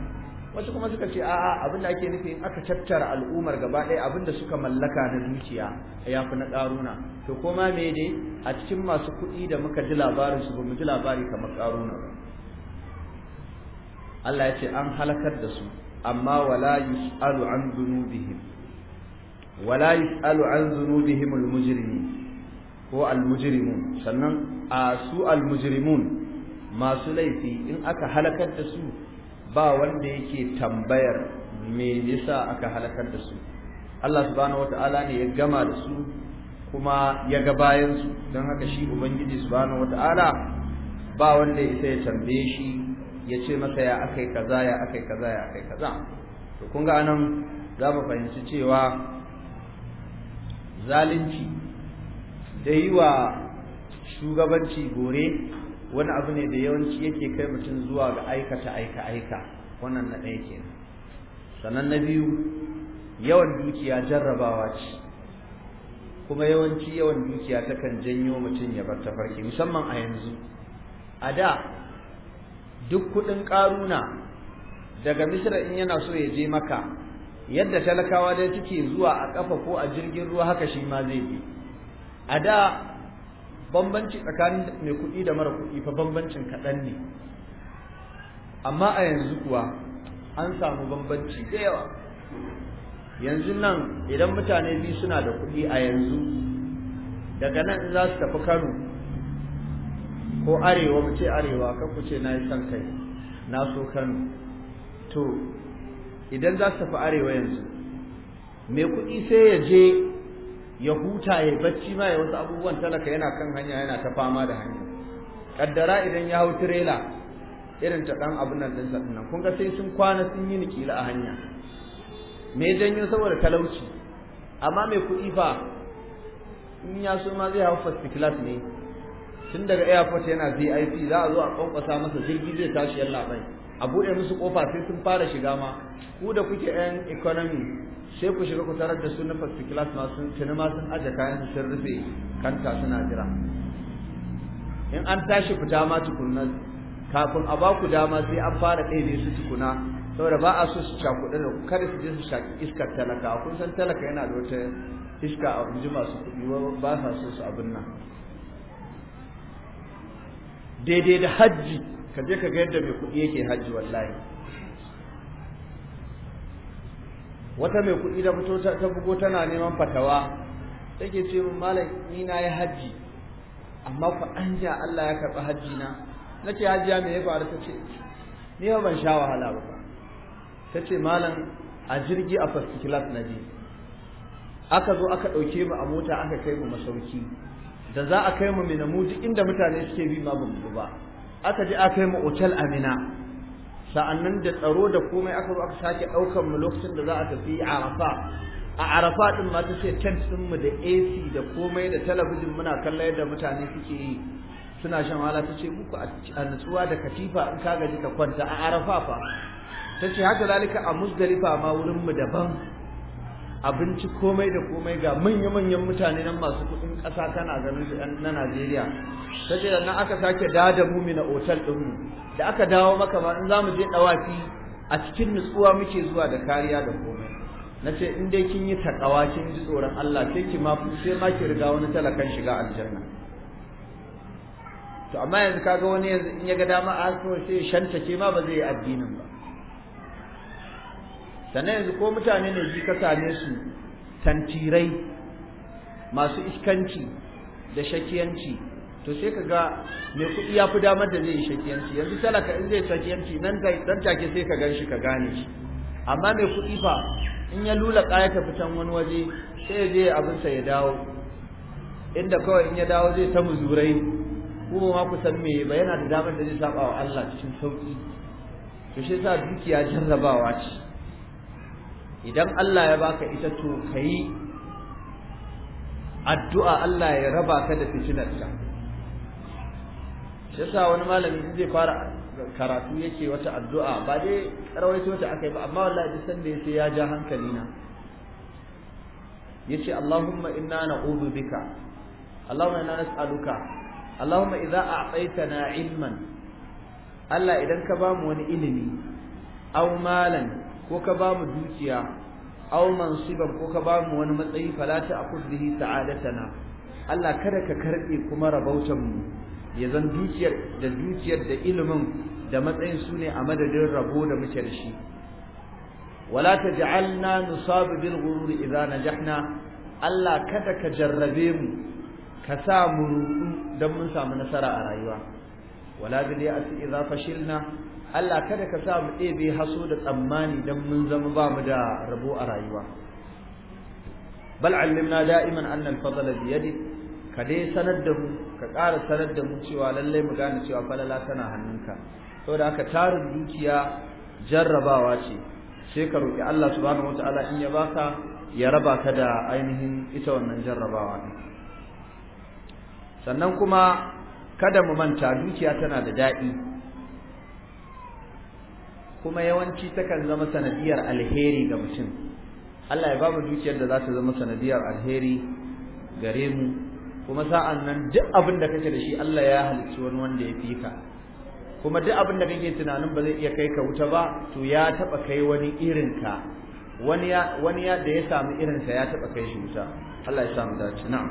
Speaker 1: wasu kuma suka ce a'a abin da ake nufi in aka tattara al'ummar gaba ɗaya abin da suka mallaka na dukiya ya fi na karuna to koma me dai a cikin masu kuɗi da muka ji labarin su ba mu ji labari kamar karuna ba Allah ya ce an halakar da su amma wala yus'alu an dunubihim wala yusalu an ko almujrimun sannan a su almujrimun masu laifi in aka halakar da su ba wanda yake tambayar me yasa aka halakar da su Allah subhanahu ne ya gama da su kuma ya ga bayansu, don haka shi ubangiji subhanahu ba wanda ya ya tambaye shi ya ce masa ya akai kaza ya akai kaza ya akai kaza to kun ga za mu fahimci cewa zalunci da yi wa shugabanci gore wani abu ne da yawanci yake kai mutum zuwa ga aikata aika aika wannan na ɗaya ke sannan na biyu yawan dukiya jarrabawa ce kuma yawanci yawan dukiya takan janyo mutum ya bar tafarki musamman a yanzu a da duk kuɗin ƙaruna daga misira in yana so ya je maka yadda talakawa dai suke zuwa a kafa ko a jirgin ruwa haka shi ma zai bi a da bambanci tsakanin mai kuɗi da mara kuɗi fa bambancin kaɗan ne amma a yanzu kuwa an samu bambanci da yawa yanzu nan idan mutane biyu suna da kuɗi a yanzu daga nan za su tafi kano ko arewa mu ce arewa kan ku ce na yi son kai na so kano to idan za su tafi arewa yanzu mai kuɗi sai ya je ya huta ya bacci ma ya wasu abubuwan talaka yana kan hanya yana ta fama da hanya kaddara idan ya hau tirela irin ta ɗan abin nan ɗinsa ɗin kun ga sai sun kwana sun yi nikila a hanya me janyo saboda talauci amma mai kuɗi fa in ya so ma zai hau first class ne tun daga airport yana VIP za a zo a ƙwanƙwasa masa jirgi zai tashi yallaɓai. a buɗe musu kofa sai sun fara shiga ma ku da kuke yan economy sai ku shiga ku tarar da su na first class ma sun tuni ma sun aje kayan su sun rufe kanta suna jira in an tashi fita ma tukunna kafin a ba ku dama sai an fara ɗebe su tukuna saboda ba a so su ɗin da kada su je su shaki iskar talaka kun san talaka yana da wata iska a guji masu kuɗi ba sa so su abin nan daidai da hajji ka je ka ga yadda mai kuɗi yake hajji wallahi wata mai kuɗi da fito ta bugo tana neman fatawa take ce min malam ni na yi hajji amma fa an ja Allah ya karɓi hajji na nace hajjiya me ya faru tace ni ba ban sha wahala ba tace malam a jirgi a first class na je aka zo aka ɗauke mu a mota aka kai mu masauki da za a kai mu mai namuji inda mutane suke bi ma bamu ba aka ji aka yi mu otal amina sa'annan da tsaro da komai aka zo aka sake ɗaukar mu lokacin da za a tafi arafa a arafa din ma ta ce tent din mu da ac da komai da talabijin muna kalla yadda mutane suke yi suna shan wala ta ce muku a nutsuwa da katifa in ka gaji ka kwanta a arafa fa ta ce haka zalika a musdalifa ma wurin mu daban abinci komai da komai ga manya-manyan mutane nan masu kuɗin kasa kana ganin su na Najeriya ta ce nan aka sake da da mu na otal mu, da aka dawo maka ma in za mu je ɗawafi a cikin nutsuwa muke zuwa da kariya da komai na ce in dai kin yi takawa kin ji tsoron Allah sai ki ma sai ma ki riga wani talakan shiga aljanna to amma yanzu kaga wani yanzu in ya ga dama a so sai shanta ce ma ba zai yi addinin ba sannan yanzu ko mutane ne ji ka same su tantirai masu iskanci da shakiyanci to sai ka ga mai kuɗi ya fi damar da zai yi shakiyanci yanzu talaka in zai shakiyanci nan dan take sai ka gan shi ka gane shi amma mai kuɗi fa in ya lula ya tafi can wani waje sai je abinsa ya dawo inda kawai in ya dawo zai ta muzurai kuma ma ku san me ba yana da damar da zai saba wa Allah cikin sauki to shi yasa dukiya jarrabawa ce idan Allah ya baka ita to kai addu'a Allah ya raba ka da fitinarta shi yasa wani malami zai fara karatu yake wata addu'a ba dai rawaito wata akai ba amma wallahi duk sanda yace ya ja hankali hankalina yace Allahumma inna na'udhu bika Allahumma inna nas'aluka Allahumma idza a'taytana ilman Allah idan ka bamu wani ilimi aw malan ko ka ba mu dukiya aw mansiban ko ka ba mu wani matsayi fala ta akhud bihi sa'adatana Allah kada ka karbe kuma rabautan mu ya zan dukiyar da dukiyar da ilimin da matsayin su ne a madadin rabo da muke da shi wala taj'alna nusabu bil ghururi idza najahna Allah kada ka jarrabe mu ka sa mu rudu dan mun samu nasara a rayuwa wala bil ya'si idza fashilna Allah kada ka sa mu ɗebe haso da tsammani don mun zama ba mu da rabo a rayuwa bal allimna da'iman anna al-fadla bi yadi ka dai sanar da mu ka ƙara sanar da mu cewa lallai mu gane cewa falala tana hannunka saboda haka tarin dukiya jarrabawa ce sai ka roƙi Allah subhanahu wataala in ya baka ya raba ka da ainihin ita wannan jarrabawa ne sannan kuma kada mu manta dukiya tana da daɗi kuma yawanci takan zama sanadiyar alheri ga mutum Allah ya ba mu dukiyar da za ta zama sanadiyar alheri gare mu kuma sa'an nan duk abin da kake da shi Allah ya halicci wani wanda ya fi ka kuma duk abin da kake tunanin ba zai iya kai ka wuta ba to ya taba kai wani irin ka wani ya wani ya da ya samu irin sa ya taba kai shi wuta Allah ya samu dace na'am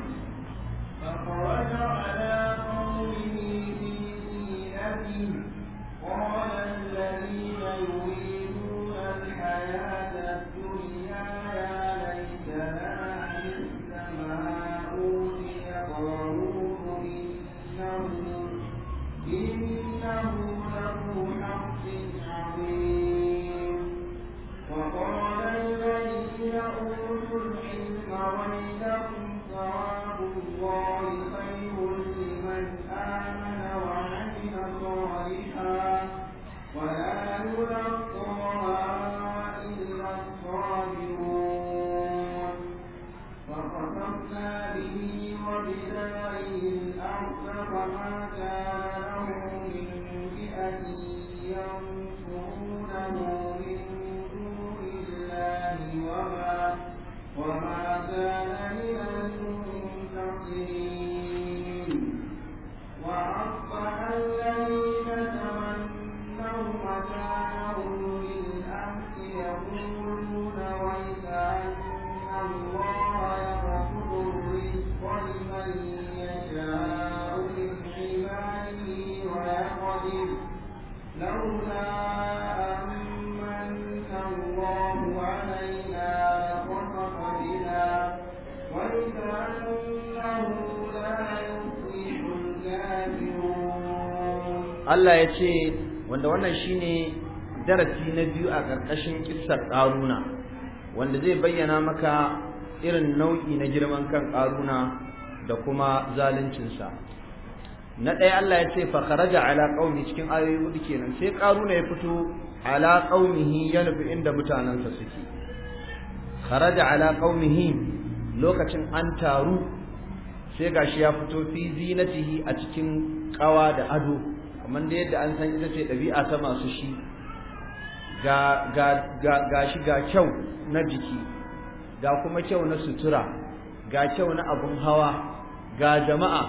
Speaker 1: Allah ya ce wanda wannan shine darasi na biyu a ƙarƙashin kissar ƙaruna wanda zai bayyana maka irin nau'i na girman kan ƙaruna da kuma zaluncinsa na ɗaya Allah ya ce fa kharaja ala qaumi cikin ayoyi hudu kenan sai ƙaruna ya fito ala qaumihi ya nufi inda mutanensa suke kharaja ala qaumihi lokacin an taru sai gashi ya fito fi zinatihi a cikin ƙawa da ado kamar da yadda an san ita ce ɗabi'a ta masu shi ga ga shi ga kyau na jiki ga kuma kyau na sutura ga kyau na abun hawa ga jama'a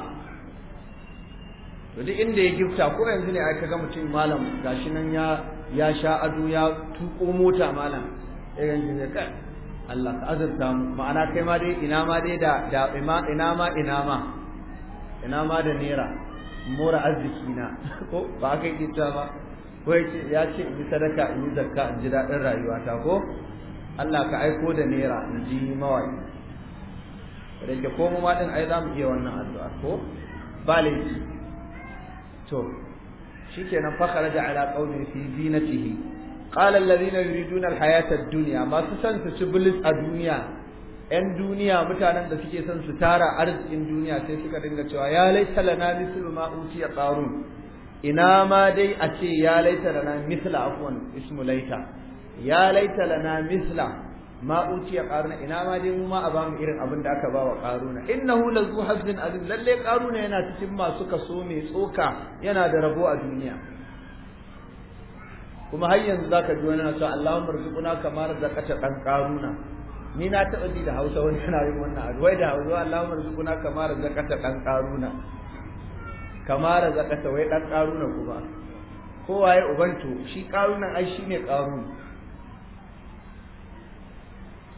Speaker 1: to duk inda ya gifta ko yanzu ne aka ga mutum malam ga shi nan ya ya sha ado ya tuko mota malam irin shi ne Allah ka azurta mu ma'ana kai ma dai ina ma dai da ina ma ina ma ina ma da nera mora arziki na <laughs> ko ba aka yi ta ba ko ya ce in yi sadaka in yi zakka in ji daɗin rayuwata ko Allah ka aiko da naira in ji mawaƙi Rage ke ko mu ɗin ai za mu iya wannan addu'a ko ba laifi to shikenan fa kharaja ala qawmi fi zinatihi qala alladhina yuriduna alhayata ad-dunya masu san su ci bilis a duniya 'yan duniya mutanen da suke son su tara arzikin duniya sai suka dinga cewa ya laita lana mislu ma utiya qarun ina ma dai a ce ya laita lana misla afwan ismu laita ya laita lana misla ma utiya qarun ina ma dai mu ma a bamu irin abin da aka bawa qarun innahu lazu hazin azim lalle qarun yana cikin masu kaso mai tsoka yana da rabo a duniya kuma har yanzu zaka ji wani na cewa Allahumma rzuquna kamar zakata dan qaruna ni na taɓa ji da hausa wani yana yin wannan addu'a da hausa Allahumma rizquna kama zakata kan qaruna kama zakata, wai dan qaruna kuma kowa ya ubanto shi qarunan ai shine qarun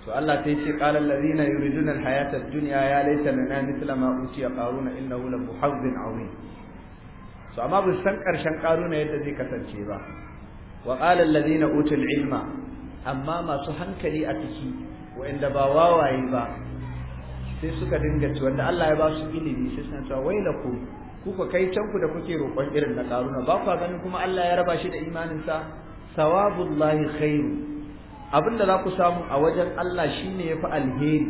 Speaker 1: to Allah sai ce qala allazina yuriduna alhayata ad-dunya ya laysa lana mithla ma utiya qaruna innahu la muhazzin azim so amma bu san karshen qaruna yadda zai kasance ba wa qala allazina utul ilma amma masu hankali a ciki wa'anda ba wawaye ba sai suka dinga ci wanda Allah ya ba su ilimi sai suna cewa ku ku kai can da kuke roƙon irin na karuna ba kwa ganin kuma Allah ya raba shi da imanin sa sawabullahi khairu abinda za ku samu a wajen Allah shine yafi alheri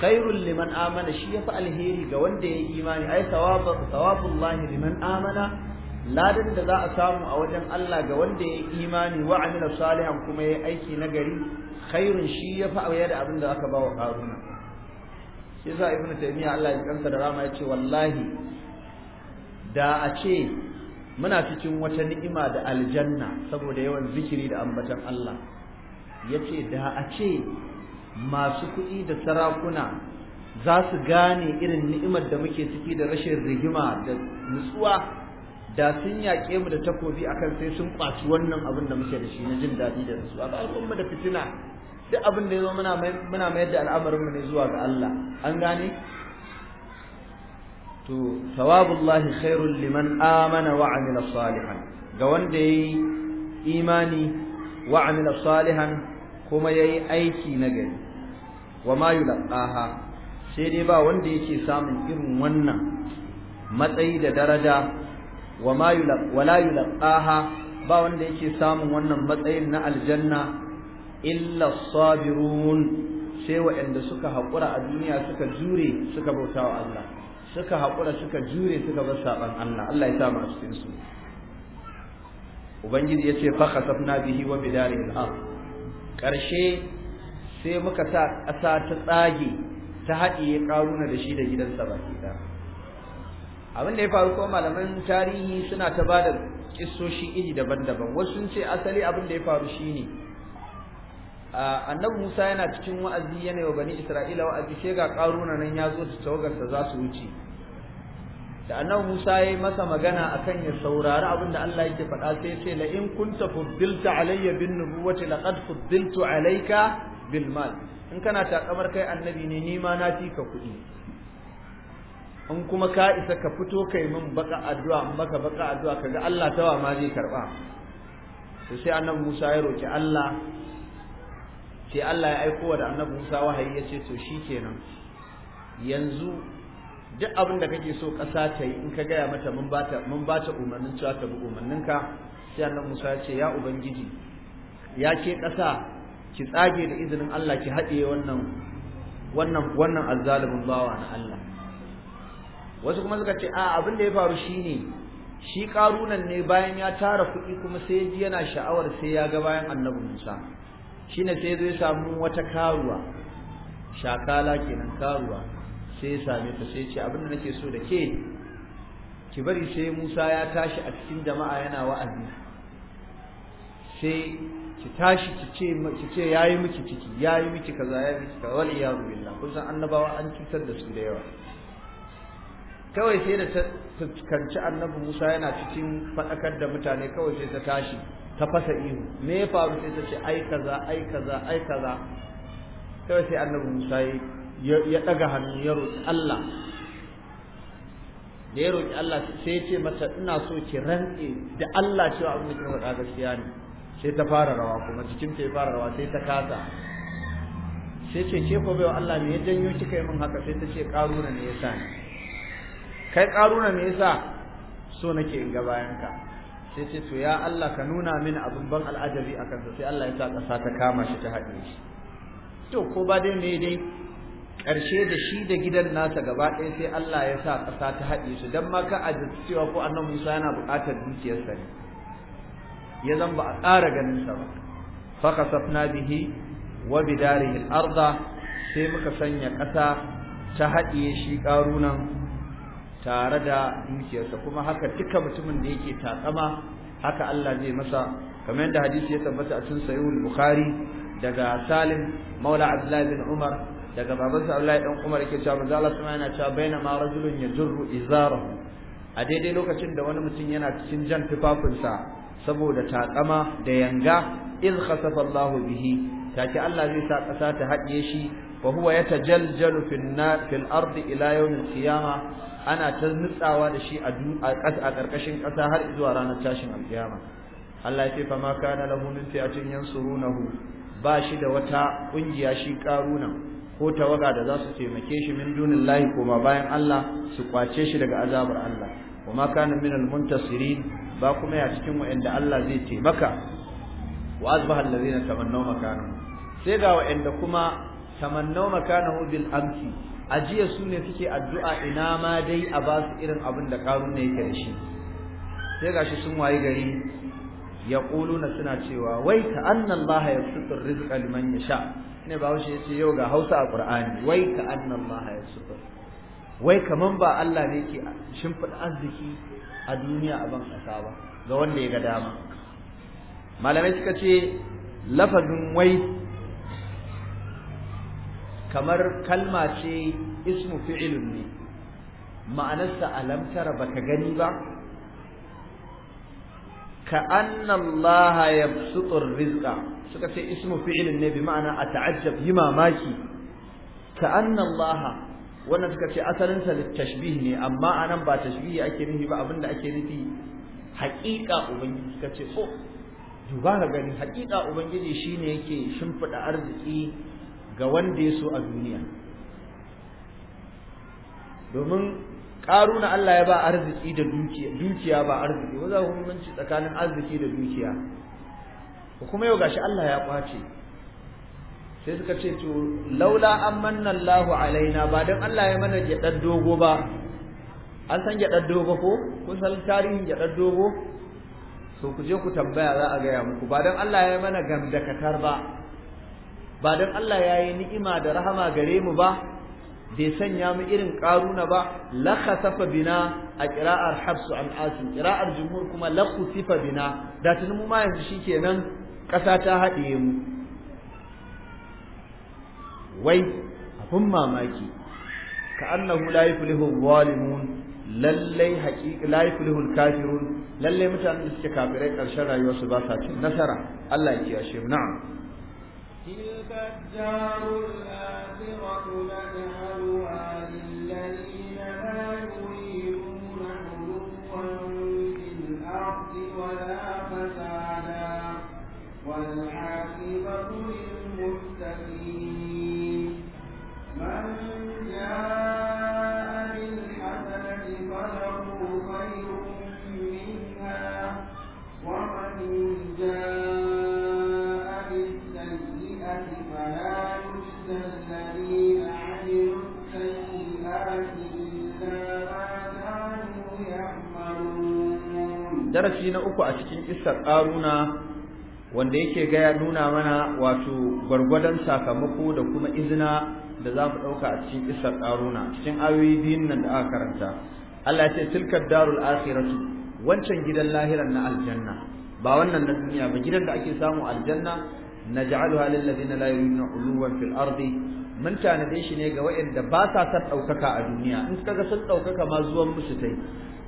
Speaker 1: khairul liman amana shi yafi alheri ga wanda ya yi imani ai sawabu sawabullahi liman amana ladan da za a samu a wajen Allah ga wanda ya yi imani wa amila salihan kuma ya yi aiki na gari. khairun shi ya fa auya da abin da aka ba wa karuna shi yasa ibnu taimiyya, Allah ya kansa da rama ya ce wallahi da a ce muna cikin wata ni'ima da aljanna saboda yawan zikiri da ambatan Allah ya ce da a ce masu kuɗi da sarakuna za su gane irin ni'imar da muke ciki da rashin rigima da nutsuwa da sun yaƙe mu da takobi akan sai sun ƙwaci wannan abin da muke da shi na jin daɗi da nutsuwa ba mu da fitina duk abin da ya zo muna mayar da al'amarinmu ne zuwa ga Allah an gane to tawabullahi khairul liman amana wa amila salihan ga wanda ya yi imani wa amila salihan kuma ya yi aiki na gari. wa ma yulqaha sai dai ba wanda yake samun irin wannan matsayi da daraja wa ma yulaq ba wanda yake samun wannan matsayin na aljanna illa sabirun sai waɗanda suka haƙura a duniya suka jure suka bauta wa Allah suka haƙura suka jure suka bar saban Allah Allah ya sa mu a cikin su ubangiji ya ce fa khasafna bihi wa bidari al-ard karshe sai muka sa ƙasa ta tsage ta haɗiye ƙaruna da shi da gidansa baki abin da ya faru ko malaman tarihi suna ta ba da kissoshi iri daban-daban wasu sun ce asali abin da ya faru shine annabi Musa yana cikin wa'azi yana wa bani Isra'ila wa'azi sai ga karuna nan ya zo da tawagarsa za su wuce da annabi Musa yayi masa magana akan ya saurari abin da Allah yake faɗa sai ce la in kunta fuddilta alayya bin nubuwati laqad fuddiltu alayka bil mal in kana takamar kai annabi ne ni ma na fi ka kuɗi in kuma ka isa ka fito kai min baka addu'a in baka baka addu'a kaga Allah tawa ma zai karba to sai annabi Musa ya roki Allah sai Allah ya aiko da annabi Musa wahayi ya ce to shikenan yanzu duk abin da kake so ƙasa ta yi in ka gaya mata mun bata mun ta umarnin cewa ta bi umarninka sai annabi Musa ya ce ya ubangiji ya ke ƙasa ki tsage da izinin Allah ki haɗiye wannan wannan wannan azzalimin bawa na Allah wasu kuma suka ce a abin da ya faru shine shi ƙarunan ne bayan ya tara kuɗi kuma sai ya ji yana sha'awar sai ya ga bayan annabi Musa shine sai zai samu wata karuwa shakala kenan karuwa sai ya same ta sai ce abin nake so da ke ki bari sai Musa ya tashi a cikin jama'a yana wa'azi sai ki tashi ki ce ki ce yayi miki ciki yayi miki kaza yayi miki kaza wani iyadu billah kun san annabawa an cutar da su da yawa kawai sai da ta fuskanci annabi Musa yana cikin faɗakar da mutane kawai sai ta tashi ta fasa ihu me ya faru sai ta ce ai kaza ai kaza ai kaza kawai sai annabi Musa ya daga hannu ya roki Allah da ya roki Allah sai ya ce mata ina so ki rantse da Allah cewa abin da kika faɗa gaskiya ne sai ta fara rawa kuma jikinta ya fara rawa sai ta kasa sai ce ke ko baiwa Allah me ya janyo kika yi min haka sai ta ce karuna ne yasa kai karuna me yasa so nake in ga bayanka sai ce to ya Allah ka nuna min abin ban al'ajabi akan sa sai Allah ya sa ƙasa ta kama shi ta haɗe shi to ko ba dai me dai ƙarshe da shi da gidan nasa gaba ɗaya sai Allah ya sa ƙasa ta haɗe su dan ma ka ajabci cewa ko annabi Musa yana buƙatar dukiyarsa ne ya zan ba a ƙara ganin sa ba fa kasafna bihi wa bidarihi al-arda sai muka sanya ƙasa ta haɗiye shi ƙarunan tare da dukiyarsa kuma haka duka mutumin da yake tatsama haka Allah zai masa kamar yadda hadisi ya tabbata a cikin sahihul bukhari daga salim maula abdullahi bin umar daga babansa abdullahi dan umar yake cewa manzo Allah yana cewa baina ma rajulun yajurru izarahu a daidai lokacin da wani mutum yana cikin jan tufafinsa saboda tatsama da yanga iz khasafa Allahu bihi take Allah zai sa ƙasa ta haɗiye shi wa huwa yatajaljalu fil fil ardi ila yawm al-qiyamah ana ta nutsawa da shi a ƙarƙashin ƙasa har zuwa ranar tashin alƙiyama Allah ya ce fa ma kana lahu min fi'atin yansurunahu ba shi da wata ƙungiya shi karuna ko tawaga da za su taimake shi min ko ma bayan Allah su kwace shi daga azabar Allah wa ma kana min almuntasirin ba kuma ya cikin wa'anda Allah zai taimaka wa asbaha alladhina tamannaw makanahu sai ga wa'anda kuma tamannaw makanahu bil amsi ajiya su ne suke addu'a ina ma dai a ba su irin abin da ne yake da shi sai gashi sun wayi gari ya na suna cewa wai ka annallaha ya sutur rizqa liman yasha ne ba ya ce yau ga Hausa a Qur'ani wai ka annallaha ya sutur wai kaman ba Allah ne ke shimfiɗa arziki a duniya a ban ƙasa ba ga wanda ya ga dama malamai suka ce lafazin wai kamar kalma ce ismu fi'ilun ne ma'anarsa alamtara baka gani ba ka anna Allah yabsutu rizqa suka ce ismu fi'ilun ne bi ma'ana ta'ajjab yi mamaki ka anna wannan suka ce asalin tashbihi ne amma anan ba tashbihi ake nufi ba abinda ake nufi haƙiƙa ubangiji suka ce oh duba gani haƙiƙa ubangiji shine yake shimfida arziki ga wanda ya so a duniya domin na Allah ya ba arziki da dukiya dukiya ba arziki wanda hukunci tsakanin arziki da dukiya kuma yau gashi Allah ya kwace sai suka ce to laula amanna Allahu alaina ba dan Allah ya mana gyaɗar dogo ba an san dan dogo ko kun san tarihin gyaɗar dogo to ku je ku tambaya za a gaya muku ba dan Allah ya mana gamdakatar ba ba don Allah ya yi ni'ima da rahama gare mu ba bai sanya mu irin ƙaruna ba la bina a ƙira'ar hafsu an ƙira'ar jumhur kuma la bina da tuni mu ma yanzu shikenan ƙasa ta haɗiye mu wai abin mamaki ka annahu la yuflihu lallai haƙiƙa la kafirun lallai mutanen da suke kafirai ƙarshen rayuwarsu ba sa cin nasara Allah ya kiyashe mu na'am
Speaker 2: تلك الدار الآخرة نجعلها للذين لا يريدون علوا في الأرض ولا فسادا والعاقبة للمتقين من جاء
Speaker 1: darasi na uku a cikin isar ƙaruna wanda yake gaya nuna mana wato gwargwadon sakamako da kuma izina da za mu ɗauka a cikin isar ƙaruna cikin ayoyi biyun nan da aka karanta Allah ce tilka darul akhiratu wancan gidan lahiran na aljanna ba wannan na duniya ba gidan da ake samu aljanna naj'aluha lil ladina la yuriduna uluwan fil ardi mun tanade shi ne ga waɗanda ba sa san ɗaukaka a duniya in kaga sun ɗaukaka ma zuwan musu tai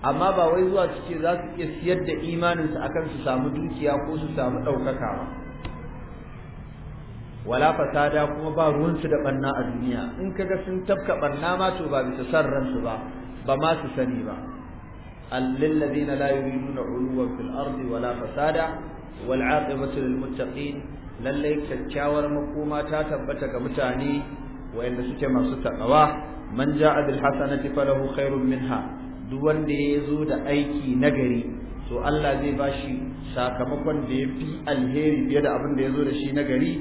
Speaker 1: amma ba wai zuwa su ce za su iya siyar da imaninsu akan su samu dukiya ko su samu ɗaukaka ba wala fasada kuma ba ruwansu da ɓanna a duniya in ka ga sun tafka ɓanna ma to ba bisa san ransu ba ba ma su sani ba للذين nuna يريدون علوا wala fasada ولا فسادا والعاقبة للمتقين lallai kyakkyawar makoma ta tabbata ga mutane wayanda suke masu takawa man ja'a bil hasanati falahu khairun minha duk wanda ya zo da aiki nagari to Allah zai ba shi sakamakon da ya fi alheri fiye da abin da ya zo da shi nagari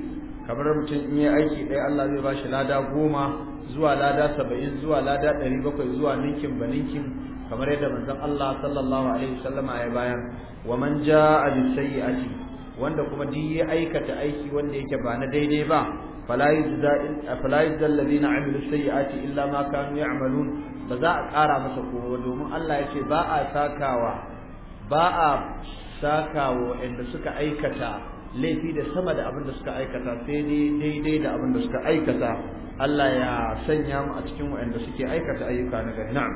Speaker 1: kamar mutum in yi aiki ɗaya Allah zai ba shi lada goma zuwa lada saba'in zuwa lada ɗari bakwai zuwa ninkin ba ninkin kamar yadda manzon Allah sallallahu alaihi wasallam ya bayar wa man jaa bi sayyi'ati wanda kuma duk ya aikata aiki wanda yake ba na daidai ba fala yajza fala yajza alladhina amilu sayyi'ati illa ma kanu ya'malun ba za a ƙara masa kowa domin Allah ya ce ba a sakawa ba a sakawa inda suka aikata laifi da sama da abin da suka aikata sai dai daidai da abin da suka aikata Allah ya sanya mu a cikin waɗanda suke aikata ayyuka na gari na'am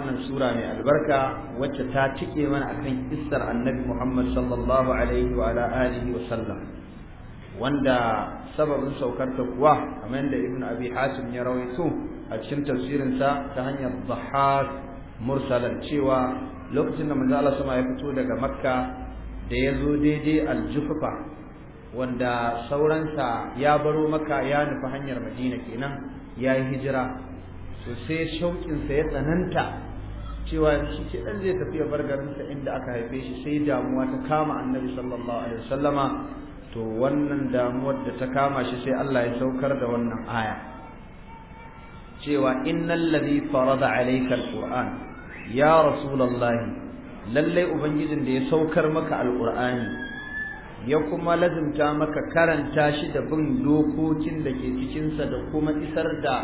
Speaker 2: wannan sura mai albarka wacce ta cike mana akan kissar annabi Muhammad sallallahu alaihi
Speaker 1: wa ala alihi wa sallam wanda sababin saukarta kuwa kamar da Ibn Abi Hasim ya rawaito a cikin sa ta hanyar Dhahhak mursalan cewa lokacin da manzo Allah sama ya fito daga Makka da ya zo daidai al wanda sauransa ya baro Makka ya nufi hanyar Madina kenan ya yi hijira sosai shauƙinsa ya tsananta cewa shi ce dan zai tafi ya bar garinsa inda aka haife shi sai damuwa ta kama annabi sallallahu alaihi wasallama to wannan damuwar da ta kama shi sai Allah ya saukar da wannan aya cewa innal ladhi farada alayka alquran ya rasulullahi lallai ubangijin da ya saukar maka alqur'ani ya kuma lazimta maka karanta shi da bin dokokin da ke cikinsa da kuma isar da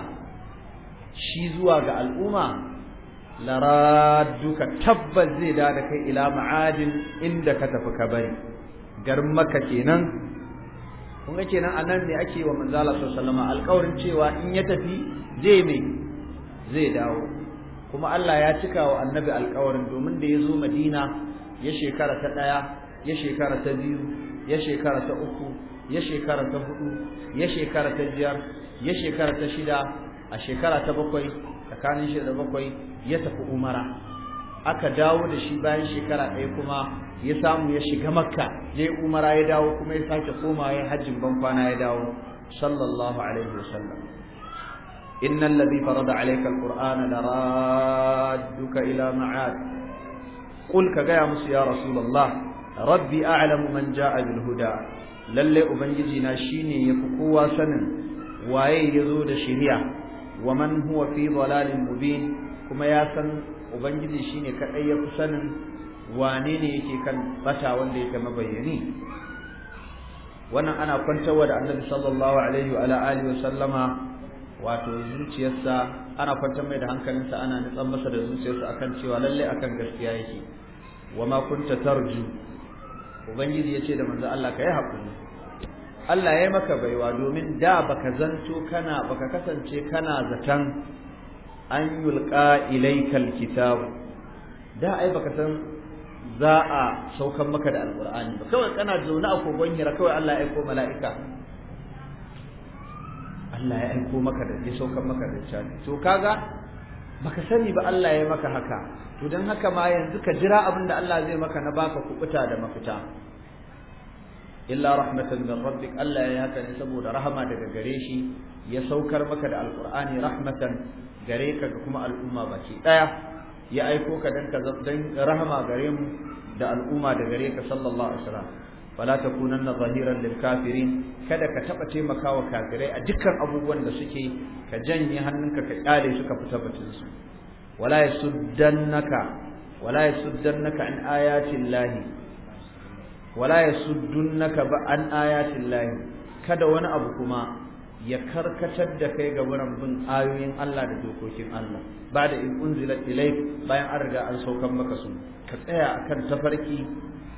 Speaker 1: shi zuwa ga al'umma laraduka tabbas zai da da kai ila ma'adin inda ka tafi ka bari garin maka kenan kun ga kenan anan ne ake wa manzo Allah sallallahu alaihi alƙawarin cewa in ya tafi zai mai zai dawo kuma Allah ya cika wa annabi alƙawarin domin da ya zo Madina ya shekara ta ɗaya ya shekara ta biyu ya shekara ta uku ya shekara ta hudu ya shekara ta biyar ya shekara ta shida a shekara ta bakwai tsakanin shi da bakwai ya tafi umara aka dawo da shi bayan shekara ɗaya kuma ya samu ya shiga makka ya umara ya dawo kuma ya sake koma ya hajjin ban kwana ya dawo sallallahu alaihi wasallam innal ladhi farada alayka alqur'ana laradduka ila ma'ad qul ka gaya musu ya rasulullah rabbi a'lamu man ja'a bil huda lalle ubangiji na shine yafi kowa sanin waye yazo da shari'a wa man huwa fi dhalalin mubin kuma ya san ubangiji shine kaɗai ya fi sanin wane ne yake kan bata wanda yake mabayyani wannan ana kwantarwa da annabi sallallahu alaihi wa alihi wato zuciyarsa ana kwantar mai da hankalinsa ana nutsan masa da zuciyarsa akan cewa lalle akan gaskiya yake wa ma kunta tarju ubangiji yace da manzo Allah kai hakuri Allah ya maka baiwa domin da baka zanto kana baka kasance kana zatan an yulqa ilaikal kitab da ai baka san za a saukan maka da alqur'ani ba kawai kana zaune a kogon hira kawai Allah ya aiko mala'ika Allah ya aiko maka da ya saukan maka da cani to kaga baka sani ba Allah ya maka haka to dan haka ma yanzu ka jira abin da Allah zai maka na baka kubuta da mafita illa rahmatan min rabbik Allah ya yaka ne saboda rahama daga gare shi ya saukar maka da alqur'ani rahmatan gare ka ga kuma al'umma baki daya ya aiko ka dan ka dan rahama gare mu da al'umma da gare ka sallallahu alaihi wasallam fala takunanna zahiran lil kafirin kada ka taba taimakawa kafirai a dukkan abubuwan da suke ka janye hannunka ka kyale su ka fita batun su wala yasuddannaka wala yasuddannaka an ayati lahi. wala yasuddunaka ba an ayatin lahi kada wani abu kuma ya karkatar da kai ga wurin bin ayoyin Allah da dokokin Allah ba da in unzilat ilayk bayan an riga an saukar maka su ka tsaya akan tafarki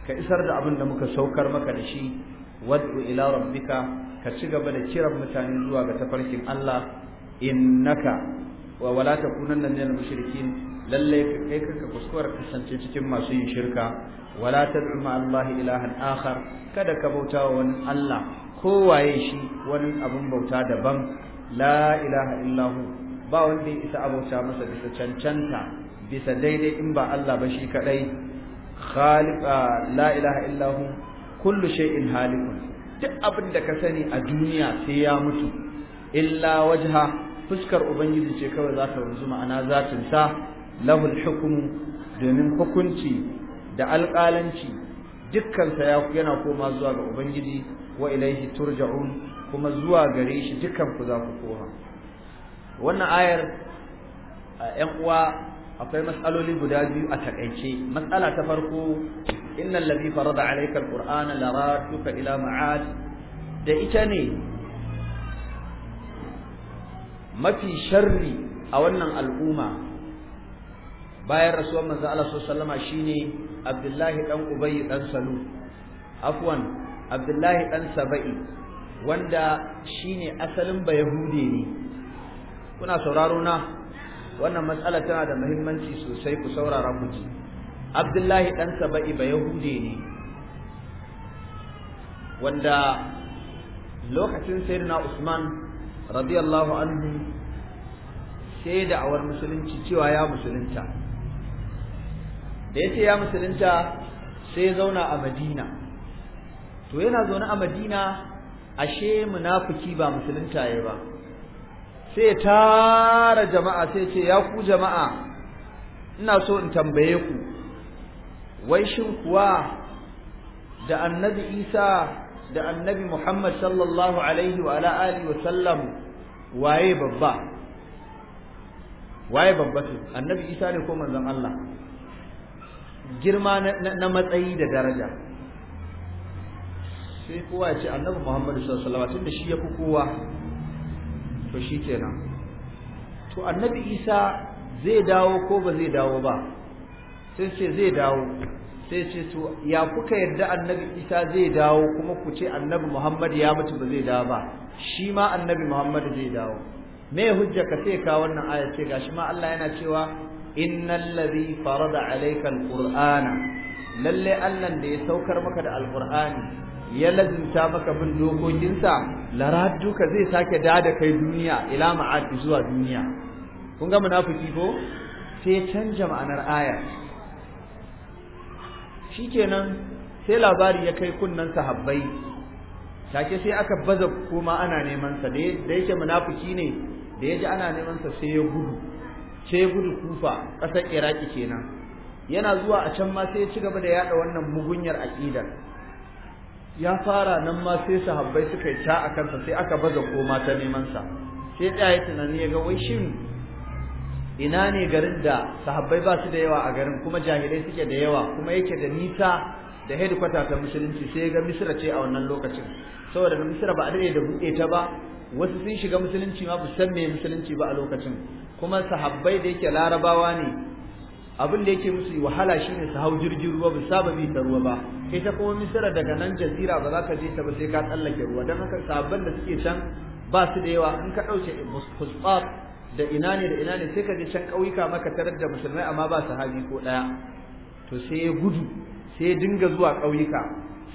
Speaker 1: ka isar da abin da muka saukar maka da shi wad'u ila rabbika ka ci gaba da kiran mutane zuwa ga tafarkin Allah innaka wa wala takunanna minal mushrikin lallai kai kaka kuskura kasance cikin masu yin shirka wala tad'u ma allahi ilahan akhar kada ka bauta wa wani allah kowaye shi wani abun bauta daban la ilaha illahu ba wanda ya isa abauta masa bisa cancanta bisa daidai in ba allah ba shi kadai khaliq ah, la ilaha illahu kullu shay'in halikun duk abin da ka sani a duniya sai ya mutu illa wajha fuskar ubangiji ce kawai za ta wanzu ma'ana zatun sa lahul hukmu domin hukunci da alƙalanci dukkansa yana koma zuwa ga ubangiji wa ilaihi turja'un kuma zuwa gare shi dukkan za ku koma wannan ayar ƴan uwa akwai matsaloli guda biyu a takaice matsala ta farko innal ladhi farada alayka alqur'ana laraduka ila ma'ad da ita ne mafi sharri a wannan al'umma bayan rasuwar manzo Allah sallallahu alaihi shine Abdullahi dan Ubay dan Salu afwan Abdullahi dan Sabai wanda shine asalin bayahude ne kuna sauraro na wannan matsala tana da muhimmanci sosai ku saurara ku ji Abdullahi dan Sabai bayahude ne wanda lokacin sayyidina Usman radiyallahu anhu sai da awar musulunci cewa ya musulunta da ya ce ya musulunta sai ya zauna a Madina to yana zaune a Madina ashe munafiki ba musulunta ya ba sai ya tara jama'a sai ce ya ku jama'a ina so in tambaye ku wai shin kuwa da annabi Isa da annabi Muhammad sallallahu alaihi wa ala alihi wa sallam waye babba waye babba annabi Isa ne ko manzon Allah girma na matsayi da daraja sai kowa ya ce annabi Muhammadu sallallahu alaihi wasallam tunda shi ya fi kowa to shi kenan to annabi Isa zai dawo ko ba zai dawo ba sai ce zai dawo sai ce to ya kuka yarda annabi Isa zai dawo kuma ku ce annabi Muhammad ya mutu ba zai dawo ba shi ma annabi Muhammad zai dawo me hujja ka sai ka wannan aya ce gashi ma Allah yana cewa innal ladhi farada alayka alqur'ana lalle Allah da ya saukar maka da alqur'ani ya lazimta maka bin dokokinsa laradduka zai sake dada kai duniya ila ma'ad zuwa duniya kun ga munafiki ko sai canja ma'anar aya Shi kenan sai labari ya kai kunnan sahabbai take sai aka baza kuma ana neman sa da yake munafiki ne da yaji ana neman sa sai ya gudu sai gudu kufa ƙasar iraki kenan yana zuwa a can ma sai ya ci gaba da yada wannan mugunyar aƙidar ya fara nan ma sai sahabbai suka yi ta a kansa sai aka baza koma ta neman sa sai tsaya tunani ya ga wai shin ina ne garin da sahabbai ba su da yawa a garin kuma jahilai suke da yawa kuma yake da nisa da hedikwata ta musulunci sai ga misira ce a wannan lokacin saboda misira ba a daɗe da buɗe ta ba wasu sun shiga musulunci ma bu san me musulunci ba a lokacin kuma sahabbai da yake larabawa ne abin da yake musu wahala shine su hau jirgin ruwa ba saba bi ta ruwa ba kai ta kuma misira daga nan jazira ba za ka je ta ba sai ka tsallake ruwa dan haka sahabban da suke can ba su da yawa in ka dauke fusfat da ina ne da ina ne sai ka je can kauyuka maka tarar da musulmai amma ba sahabi ko ɗaya, to sai ya gudu sai ya dinga zuwa kauyuka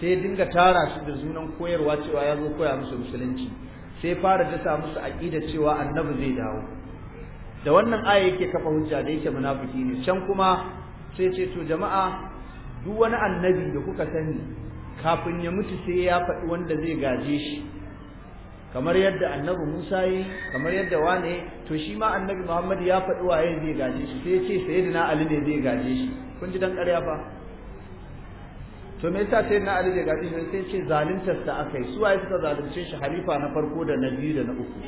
Speaker 1: sai ya dinga tara su da sunan koyarwa cewa ya zo koya musu musulunci sai fara dasa musu aqida cewa annabi zai dawo da wannan aya yake kafa hujja da yake munafiki ne can kuma sai ce to jama'a duk wani annabi da kuka sani kafin ya mutu sai ya faɗi wanda zai gaje shi kamar yadda annabi Musa yi kamar yadda wane to shi ma annabi Muhammad ya faɗi waye zai gaje shi sai ya ce sayyidina Ali ne zai gaje shi kun ji dan ƙarya fa to me yasa sai na Ali da gadi ne sai ce zaluntar ta akai su waye suka zalunce shi halifa na farko da na biyu da na uku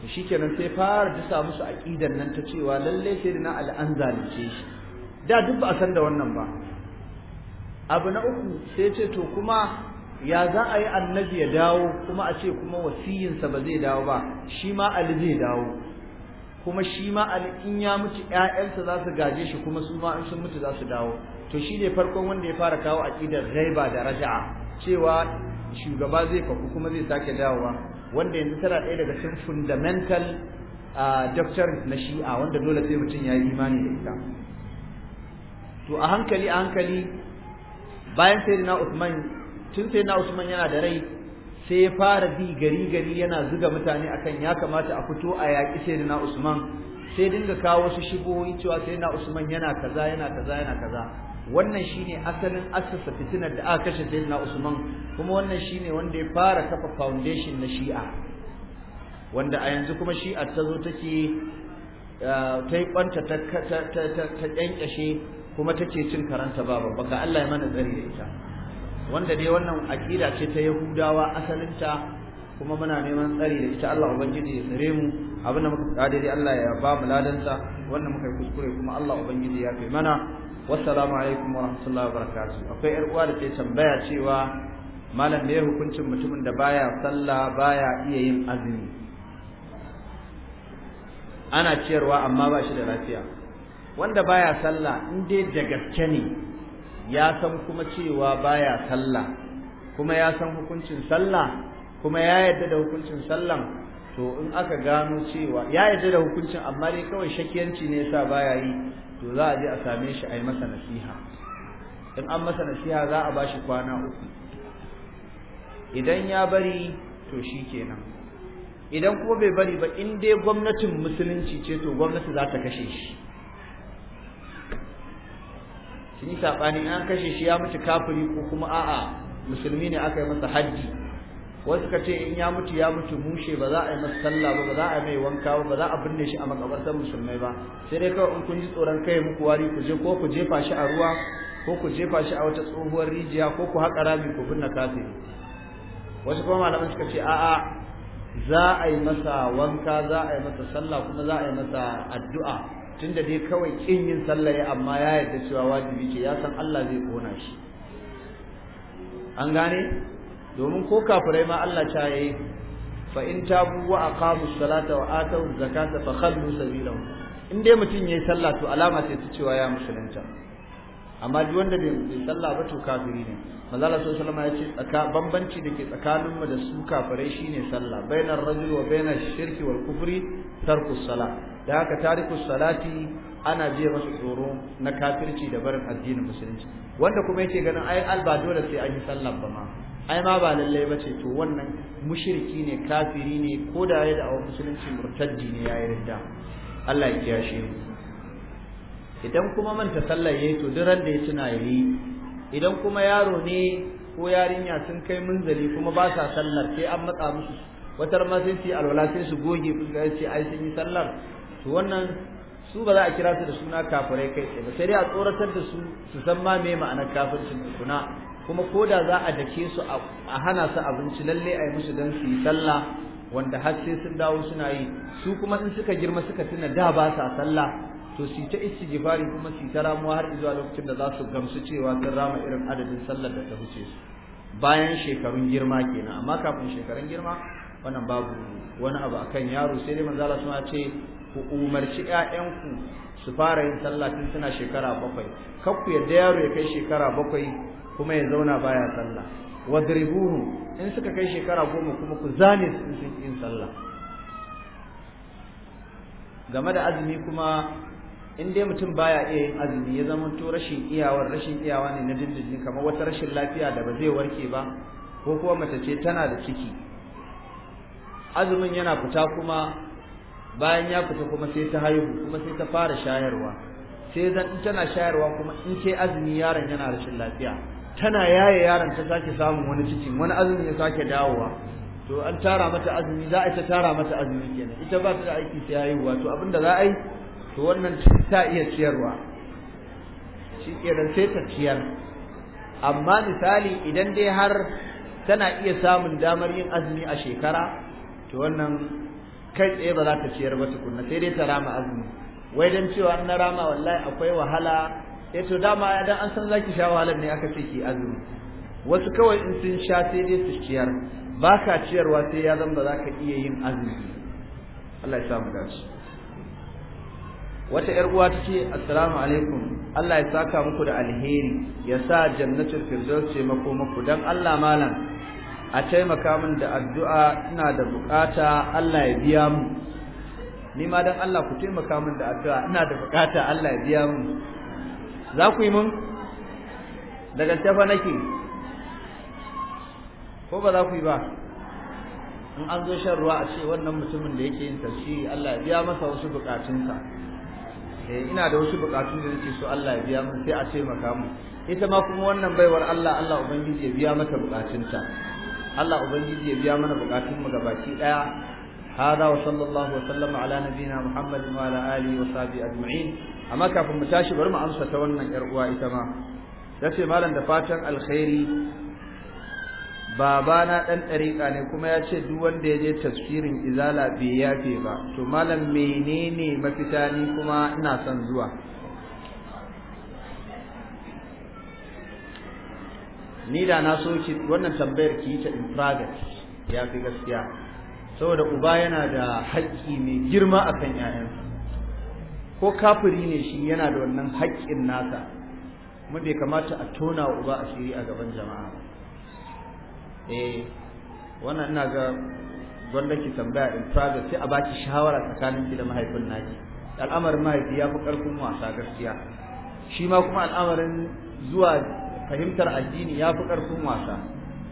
Speaker 1: to shikenan sai fara dasa musu aqidan nan ta cewa lalle sai na Ali an zalunce shi da duk ba a san da wannan ba abu na uku sai ce to kuma ya za a yi annabi ya dawo kuma a ce kuma wasiyinsa ba zai dawo ba shi ma Ali zai dawo kuma shi ma in ya mutu 'ya'yansa za su gaje shi kuma su ma in sun mutu za su dawo to shi ne farkon wanda ya fara kawo aqidar ghaiba da raja'a cewa shugaba zai faku kuma zai sake dawowa wanda yanzu tana ɗaya daga cikin fundamental doctrines na shi'a wanda dole sai mutum ya yi imani da ita to a hankali a hankali bayan sayyidina Usman tun sai na Usman yana da rai sai ya fara bi gari gari yana zuga mutane akan ya kamata a fito a yaƙi sayyidina Usman sai dinga kawo wasu shigo cewa sayyidina Usman yana kaza yana kaza yana kaza wannan shine asalin asasa fitinar da aka kashe sayyidina Usman kuma wannan shine wanda ya fara kafa foundation na Shi'a wanda a yanzu kuma Shi'a ta zo take eh, ta yi kwanta ta kyankyashe kuma take cin karanta ba baka Allah ya mana tsari da ita wanda dai wannan aqida ce ta Yahudawa asalinta kuma muna neman tsari da ita Allah ubangiji ya tsare mu abinda muka faɗa dai Allah ya ba mu ladansa wannan muka yi kuskure kuma Allah ubangiji ya kai mana wassalamu alaikum wa barakatuh akwai yar uwa da ke tambaya cewa malam me hukuncin mutumin da baya sallah baya iya yin azumi ana ciyarwa amma ba shi da lafiya wanda baya sallah in dai da gaske ne ya san kuma cewa baya sallah kuma ya san hukuncin sallah kuma ya yarda da hukuncin sallan to in aka gano cewa ya yarda da hukuncin amma dai kawai shakiyanci ne yasa baya yi to za a je a same shi a yi masa nasiha in an masa nasiha za a bashi kwana uku idan ya bari to shi kenan idan kuma bai bari ba in dai gwamnatin musulunci ce to gwamnati za ta kashe shi sun yi saɓani an kashe shi ya mutu kafiri ko kuma a'a musulmi ne aka yi masa hajji wasu suka ce in ya mutu ya mutu mushe ba za a yi masa sallah ba ba za a mai wanka ba ba za a binne shi a makabartar musulmai ba sai dai kawai in kun ji tsoron kai muku wari ku je ko ku jefa shi a ruwa ko ku jefa shi a wata tsohuwar rijiya ko ku haƙa rami ku binne kafiri wasu kuma malaman suka ce a'a za a yi masa wanka za a yi masa sallah kuma za a yi masa addu'a tun da dai kawai kin yin sallah amma ya yarda cewa wajibi ce ya san Allah zai kona shi an gane domin ko kafirai ma Allah ta yi fa in tabu wa aqamu salata wa atu zakata fa khallu sabilahu in dai mutun yayi sallah to alama sai ta cewa ya musulunta amma duk wanda bai sallah ba to kafiri ne manzo Allah sallallahu alaihi wasallam ya ce tsaka bambanci dake tsakanin mu da su kafirai shine sallah bainar rajul wa bainar shirki wal kufri tarkus salah da haka tarikus salati ana biye masa tsoro na kafirci da barin addinin musulunci wanda kuma yake ganin ai alba dole sai an yi sallah ba ma ai ma ba lallai ba ce to wannan mushriki ne kafiri ne ko da ya da awon musulunci murtaddi ne ya yi ridda Allah ya kiyashe mu idan kuma manta sallar yayi to duk da ya tuna yayi idan kuma yaro ne ko yarinya sun kai munzali kuma ba sa sallar sai an matsa musu watar ma sai su alwala sai su goge fuska sai ai sun yi sallar to wannan su ba za a kira su da suna kafirai kai tsaye ba sai dai a tsoratar da su su san ma me ma'anar kafircin kuna kuma ko da za a dake su a hana su abinci lalle a yi musu don su yi sallah wanda har sai sun dawo suna yi su kuma in suka girma suka tuna da ba sa sallah to su ta istighfari kuma su ta ramuwa har zuwa lokacin da za su gamsu cewa sun rama irin adadin sallar da ta wuce su bayan shekarun girma kenan amma kafin shekarun girma wannan babu wani abu akan yaro sai dai manzala su suna ce ku umarci ƴaƴanku su fara yin sallah tun suna shekara bakwai kar ku yarda yaro ya kai shekara bakwai kuma ya zauna baya sallah wadribuhu in suka kai shekara goma kuma ku zane su sun yin sallah game da azumi kuma in dai mutum baya iya yin azumi ya zama to rashin iyawar rashin iyawa ne na dindindin kamar wata rashin lafiya da ba zai warke ba ko kuma mace ce tana da ciki azumin yana fita kuma bayan ya fita kuma sai ta haihu kuma sai ta fara shayarwa sai zan tana shayarwa kuma in ce azumi yaron yana rashin lafiya tana yaye yaron ta sake samun wani cikin wani azumi ya sake dawowa to an tara mata azumi za a ta tara mata azumi kenan ita ba ta da aiki sai haihuwa to abinda za a yi to wannan ta iya ciyarwa shi kenan sai ta ciyar amma misali idan dai har tana iya samun damar yin azumi a shekara to wannan kai tsaye ba za ta ciyar ba tukunna sai dai ta rama azumi wai dan cewa na rama wallahi akwai wahala eh to dama idan an san zaki sha wahalar ne aka ce ki azumi wasu kawai in sun sha sai dai su ciyar ba ka ciyarwa sai ya zama za ka iya yin azumi Allah ya samu dace wata yar uwa tace assalamu alaikum Allah ya saka muku da alheri ya sa jannatul firdaus ce mako muku dan Allah malam a taimaka min da addu'a ina da bukata Allah ya biya mu ni ma dan Allah ku taimaka min da addu'a ina da bukata Allah ya biya mu za ku yi mun Daga tafa nake ko ba za ku yi ba in an zo shan ruwa a ce wannan mutumin da yake yin tafsiri Allah ya biya masa wasu bukatunsa eh ina da wasu bukatun da nake so Allah ya biya mun sai a ce maka mu ita ma kuma wannan baiwar Allah Allah ubangiji ya biya mata bukatunta Allah ubangiji ya biya mana bukatun mu gabaki daya hada wa sallallahu wa sallam ala nabiyina muhammadin wa ala alihi wa sahbihi ajma'in amma kafin mu tashi bari mu amsa ta wannan yar uwa ita ma yace malam da fatan alkhairi babana dan dariƙa ne kuma ya ce duk wanda ya je tafsirin izala bai yafe ba to malam menene mafita ni kuma ina son zuwa ni da na so ki wannan tambayar ki ta in private ya fi gaskiya saboda uba yana da haƙƙi mai girma akan 'ya'yansa ko kafiri ne shi yana da wannan haƙƙin nasa mun bai kamata a tona wa uba asiri a gaban jama'a eh wannan ina ga gwanda ki tambaya in fara sai a baki shawara tsakanin ki da mahaifin naki al'amarin mahaifi ya fi ƙarfin wasa gaskiya shi ma kuma al'amarin zuwa fahimtar addini ya fi ƙarfin wasa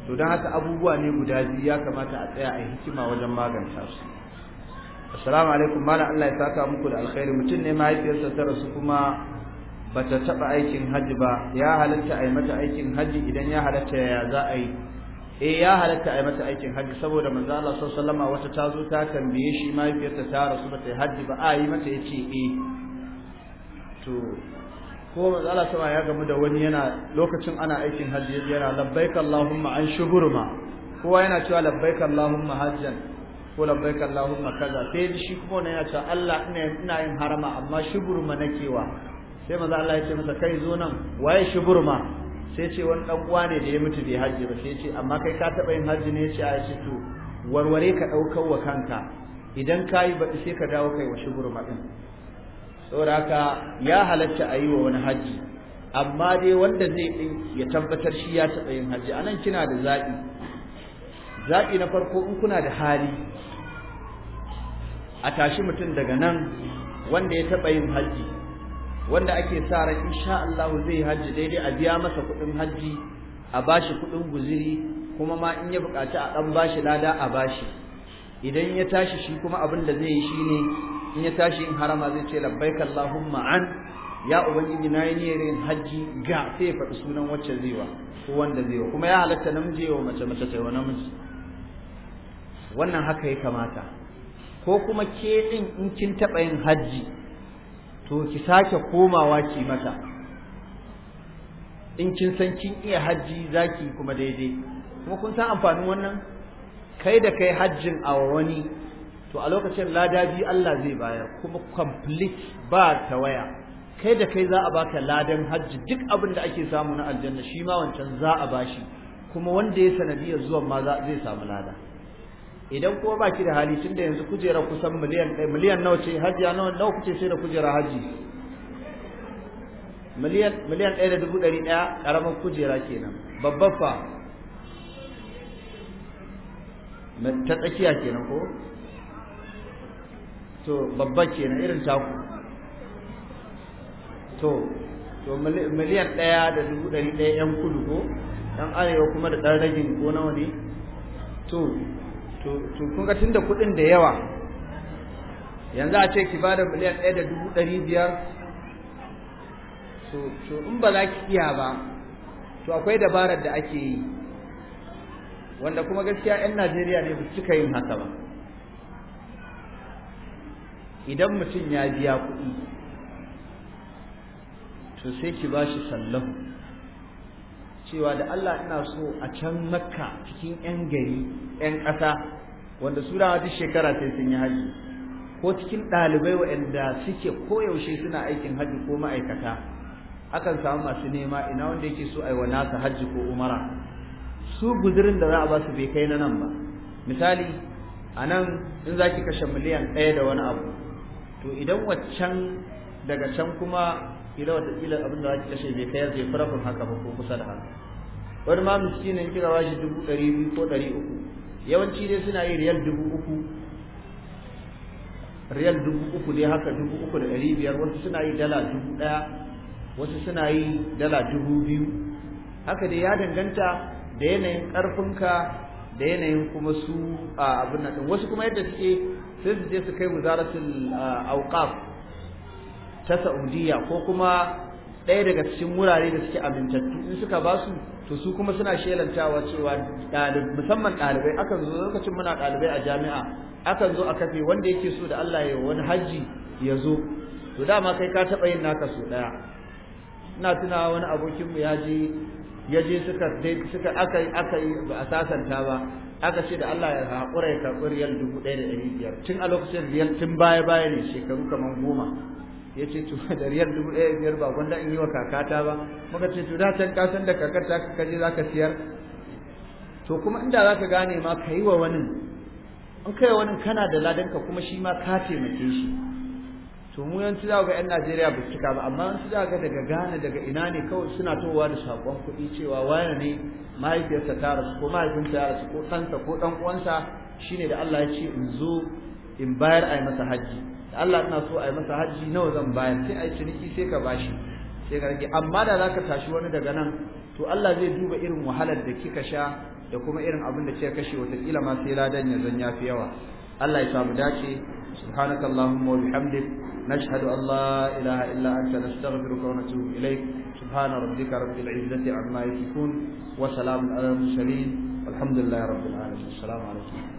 Speaker 1: to don haka abubuwa ne guda biyu ya kamata a tsaya a hikima wajen magance su assalamu alaikum malam Allah ya saka muku da alkhairi mutum ne mahaifiyarsa ta rasu kuma bata taba aikin hajji ba ya halatta a yi mata aikin hajji idan ya halatta ya za a yi eh ya halatta a yi mata aikin hajji saboda manzo Allah sallallahu alaihi wata ta zo ta tambaye shi mahaifiyarta ta rasu bata yi hajji ba a yi mata yace eh to ko manzo Allah sama ya gamu da wani yana lokacin ana aikin hajji yana labbaik Allahumma an shuhurma kowa yana cewa labbaik Allahumma hajjan ko labbaik Allahumma kaza sai shi kuma wannan yana cewa Allah ina ina yin harama amma shuburma nakewa sai manzo Allah ya ce masa kai zo nan waye shuburma sai ce wani dan uwa ne da ya mutu bai haji ba sai ce amma kai ka taba yin haji ne ya ce a shi to warware ka daukar wa kanka idan kayi baɗi sai ka dawo kai wa shuburma din saboda haka ya halatta a yi wa wani haji amma dai wanda zai din ya tabbatar shi ya taba yin haji anan kina da zaɓi. zaɓi na farko in kuna da hali a tashi mutum daga nan wanda ya taɓa yin hajji wanda ake sa ran insha Allah zai hajji daidai a biya masa kuɗin hajji a bashi kuɗin guziri kuma ma in ya buƙaci a ɗan bashi lada a bashi idan ya tashi shi kuma abin da zai yi shi ne, in ya tashi in harama zai ce labbaik Allahumma an ya ubangiji na yi niyyar yin hajji ga sai ya faɗi sunan wacce zai wa ko wanda zai wa kuma ya halatta namiji wa mace mace ta yi wa namiji wannan haka ya kamata ko kuma ke din in kin taba yin hajji to ki sake komawa ki mata in kin san kin iya hajji zaki kuma daidai kuma kun san amfanin wannan kai da kai hajjin a wani to a lokacin lada biyu Allah zai bayar kuma complete ba ta waya kai da kai za a baka ladan hajji duk abin da ake samu na aljanna shi ma wancan za a bashi kuma wanda ya sanadiyar zuwan ma zai samu lada idan kuma ba ki da hali tun da yanzu kujera kusan miliyan ɗaya miliyan nawa ce hajiya nawa nawa kuce sai da kujera haji miliyan miliyan ɗaya da dubu ɗari ɗaya ƙaramin kujera kenan babban fa ta tsakiya kenan ko to babba kenan irin taku to to miliyan ɗaya da dubu ɗari ɗaya ƴan kudu ko ɗan arewa kuma da ɗan ragin ko nawa ne to to kun ga tunda kuɗin da yawa yanzu a ce ki ba da miliyan ɗaya da dubu ɗari biyar to in ba za ki iya ba to akwai dabarar da ake yi wanda kuma gaskiya 'yan najeriya ne ba cika yin haka ba idan mutum ya biya kuɗi to sai ki ba shi sallahu cewa da Allah ina so a can makka cikin 'yan gari 'yan ƙasa wanda su da duk shekara sai sun yi haji, ko cikin ɗalibai waɗanda suke koyaushe suna aikin haji ko ma'aikata akan samu masu nema ina wanda yake so aiwa nasa haji ko umara su guzurin da za a ba bai kai na nan ba misali a nan in za ki kashe miliyan ɗaya da wani abu to idan waccan daga can kuma ila wataƙila abin da za ki kashe bai kai zai farafin haka ba ko kusa da haka wani ma miskinin kira ba shi dubu ɗari biyu ko ɗari uku yawanci dai suna yi riyal dubu uku riyal dubu uku dai haka dubu uku da ɗari biyar wasu suna yi dala dubu ɗaya wasu suna yi dala dubu biyu haka dai ya danganta da yanayin ƙarfinka da yanayin kuma su a abin ɗin, wasu kuma yadda suke sai su je su kai wuzaratul auqaf ta Saudiya ko kuma ɗaya daga cikin wurare da suke amintattu in suka ba su to su kuma suna shelantawa cewa musamman ɗalibai akan zo lokacin muna ɗalibai a jami'a akan zo a kafe wanda yake so da Allah ya wani hajji ya zo to dama kai ka taɓa yin naka so ɗaya ina tuna wani abokin mu ya je ya je suka suka aka yi aka ba a sasanta ba aka ce da Allah ya haƙura ya karɓi riyal dubu ɗaya da ɗari biyar tun a lokacin riyal tun baya baya ne shekaru kamar goma ya ce to <laughs> da riyar dubu ɗaya biyar ba gwanda in yi wa kakata ba muka ce to da can kasan da kakar ta ka je za ka siyar to kuma inda za ka gane ma ka yi wa wani in ka wani kana da ladanka kuma shi ma ka taimake shi to mu yanzu za ga 'yan Najeriya ba cika ba amma yanzu za ga daga Ghana daga ina ne kawai suna towa da sakon kuɗi cewa wani ne mahaifiyarsa ta rasu ko mahaifinsa ya rasu ko ɗansa ko ɗan uwansa shine da Allah ya ce in zo in bayar a yi masa hajji Allah ina so a yi masa hajji nawa zan bayar sai a yi ciniki sai ka bashi sai ka rage amma da za ka tashi wani daga nan to Allah zai duba irin wahalar da kika sha da kuma irin abin da kika kashe watakila ma sai ladan ya zan yafi yawa Allah ya samu dace سبحانك اللهم وبحمدك نشهد أن لا إله إلا أنت نستغفرك ونتوب إليك سبحان ربك رب العزة عما يصفون وسلام على المرسلين والحمد لله رب العالمين السلام عليكم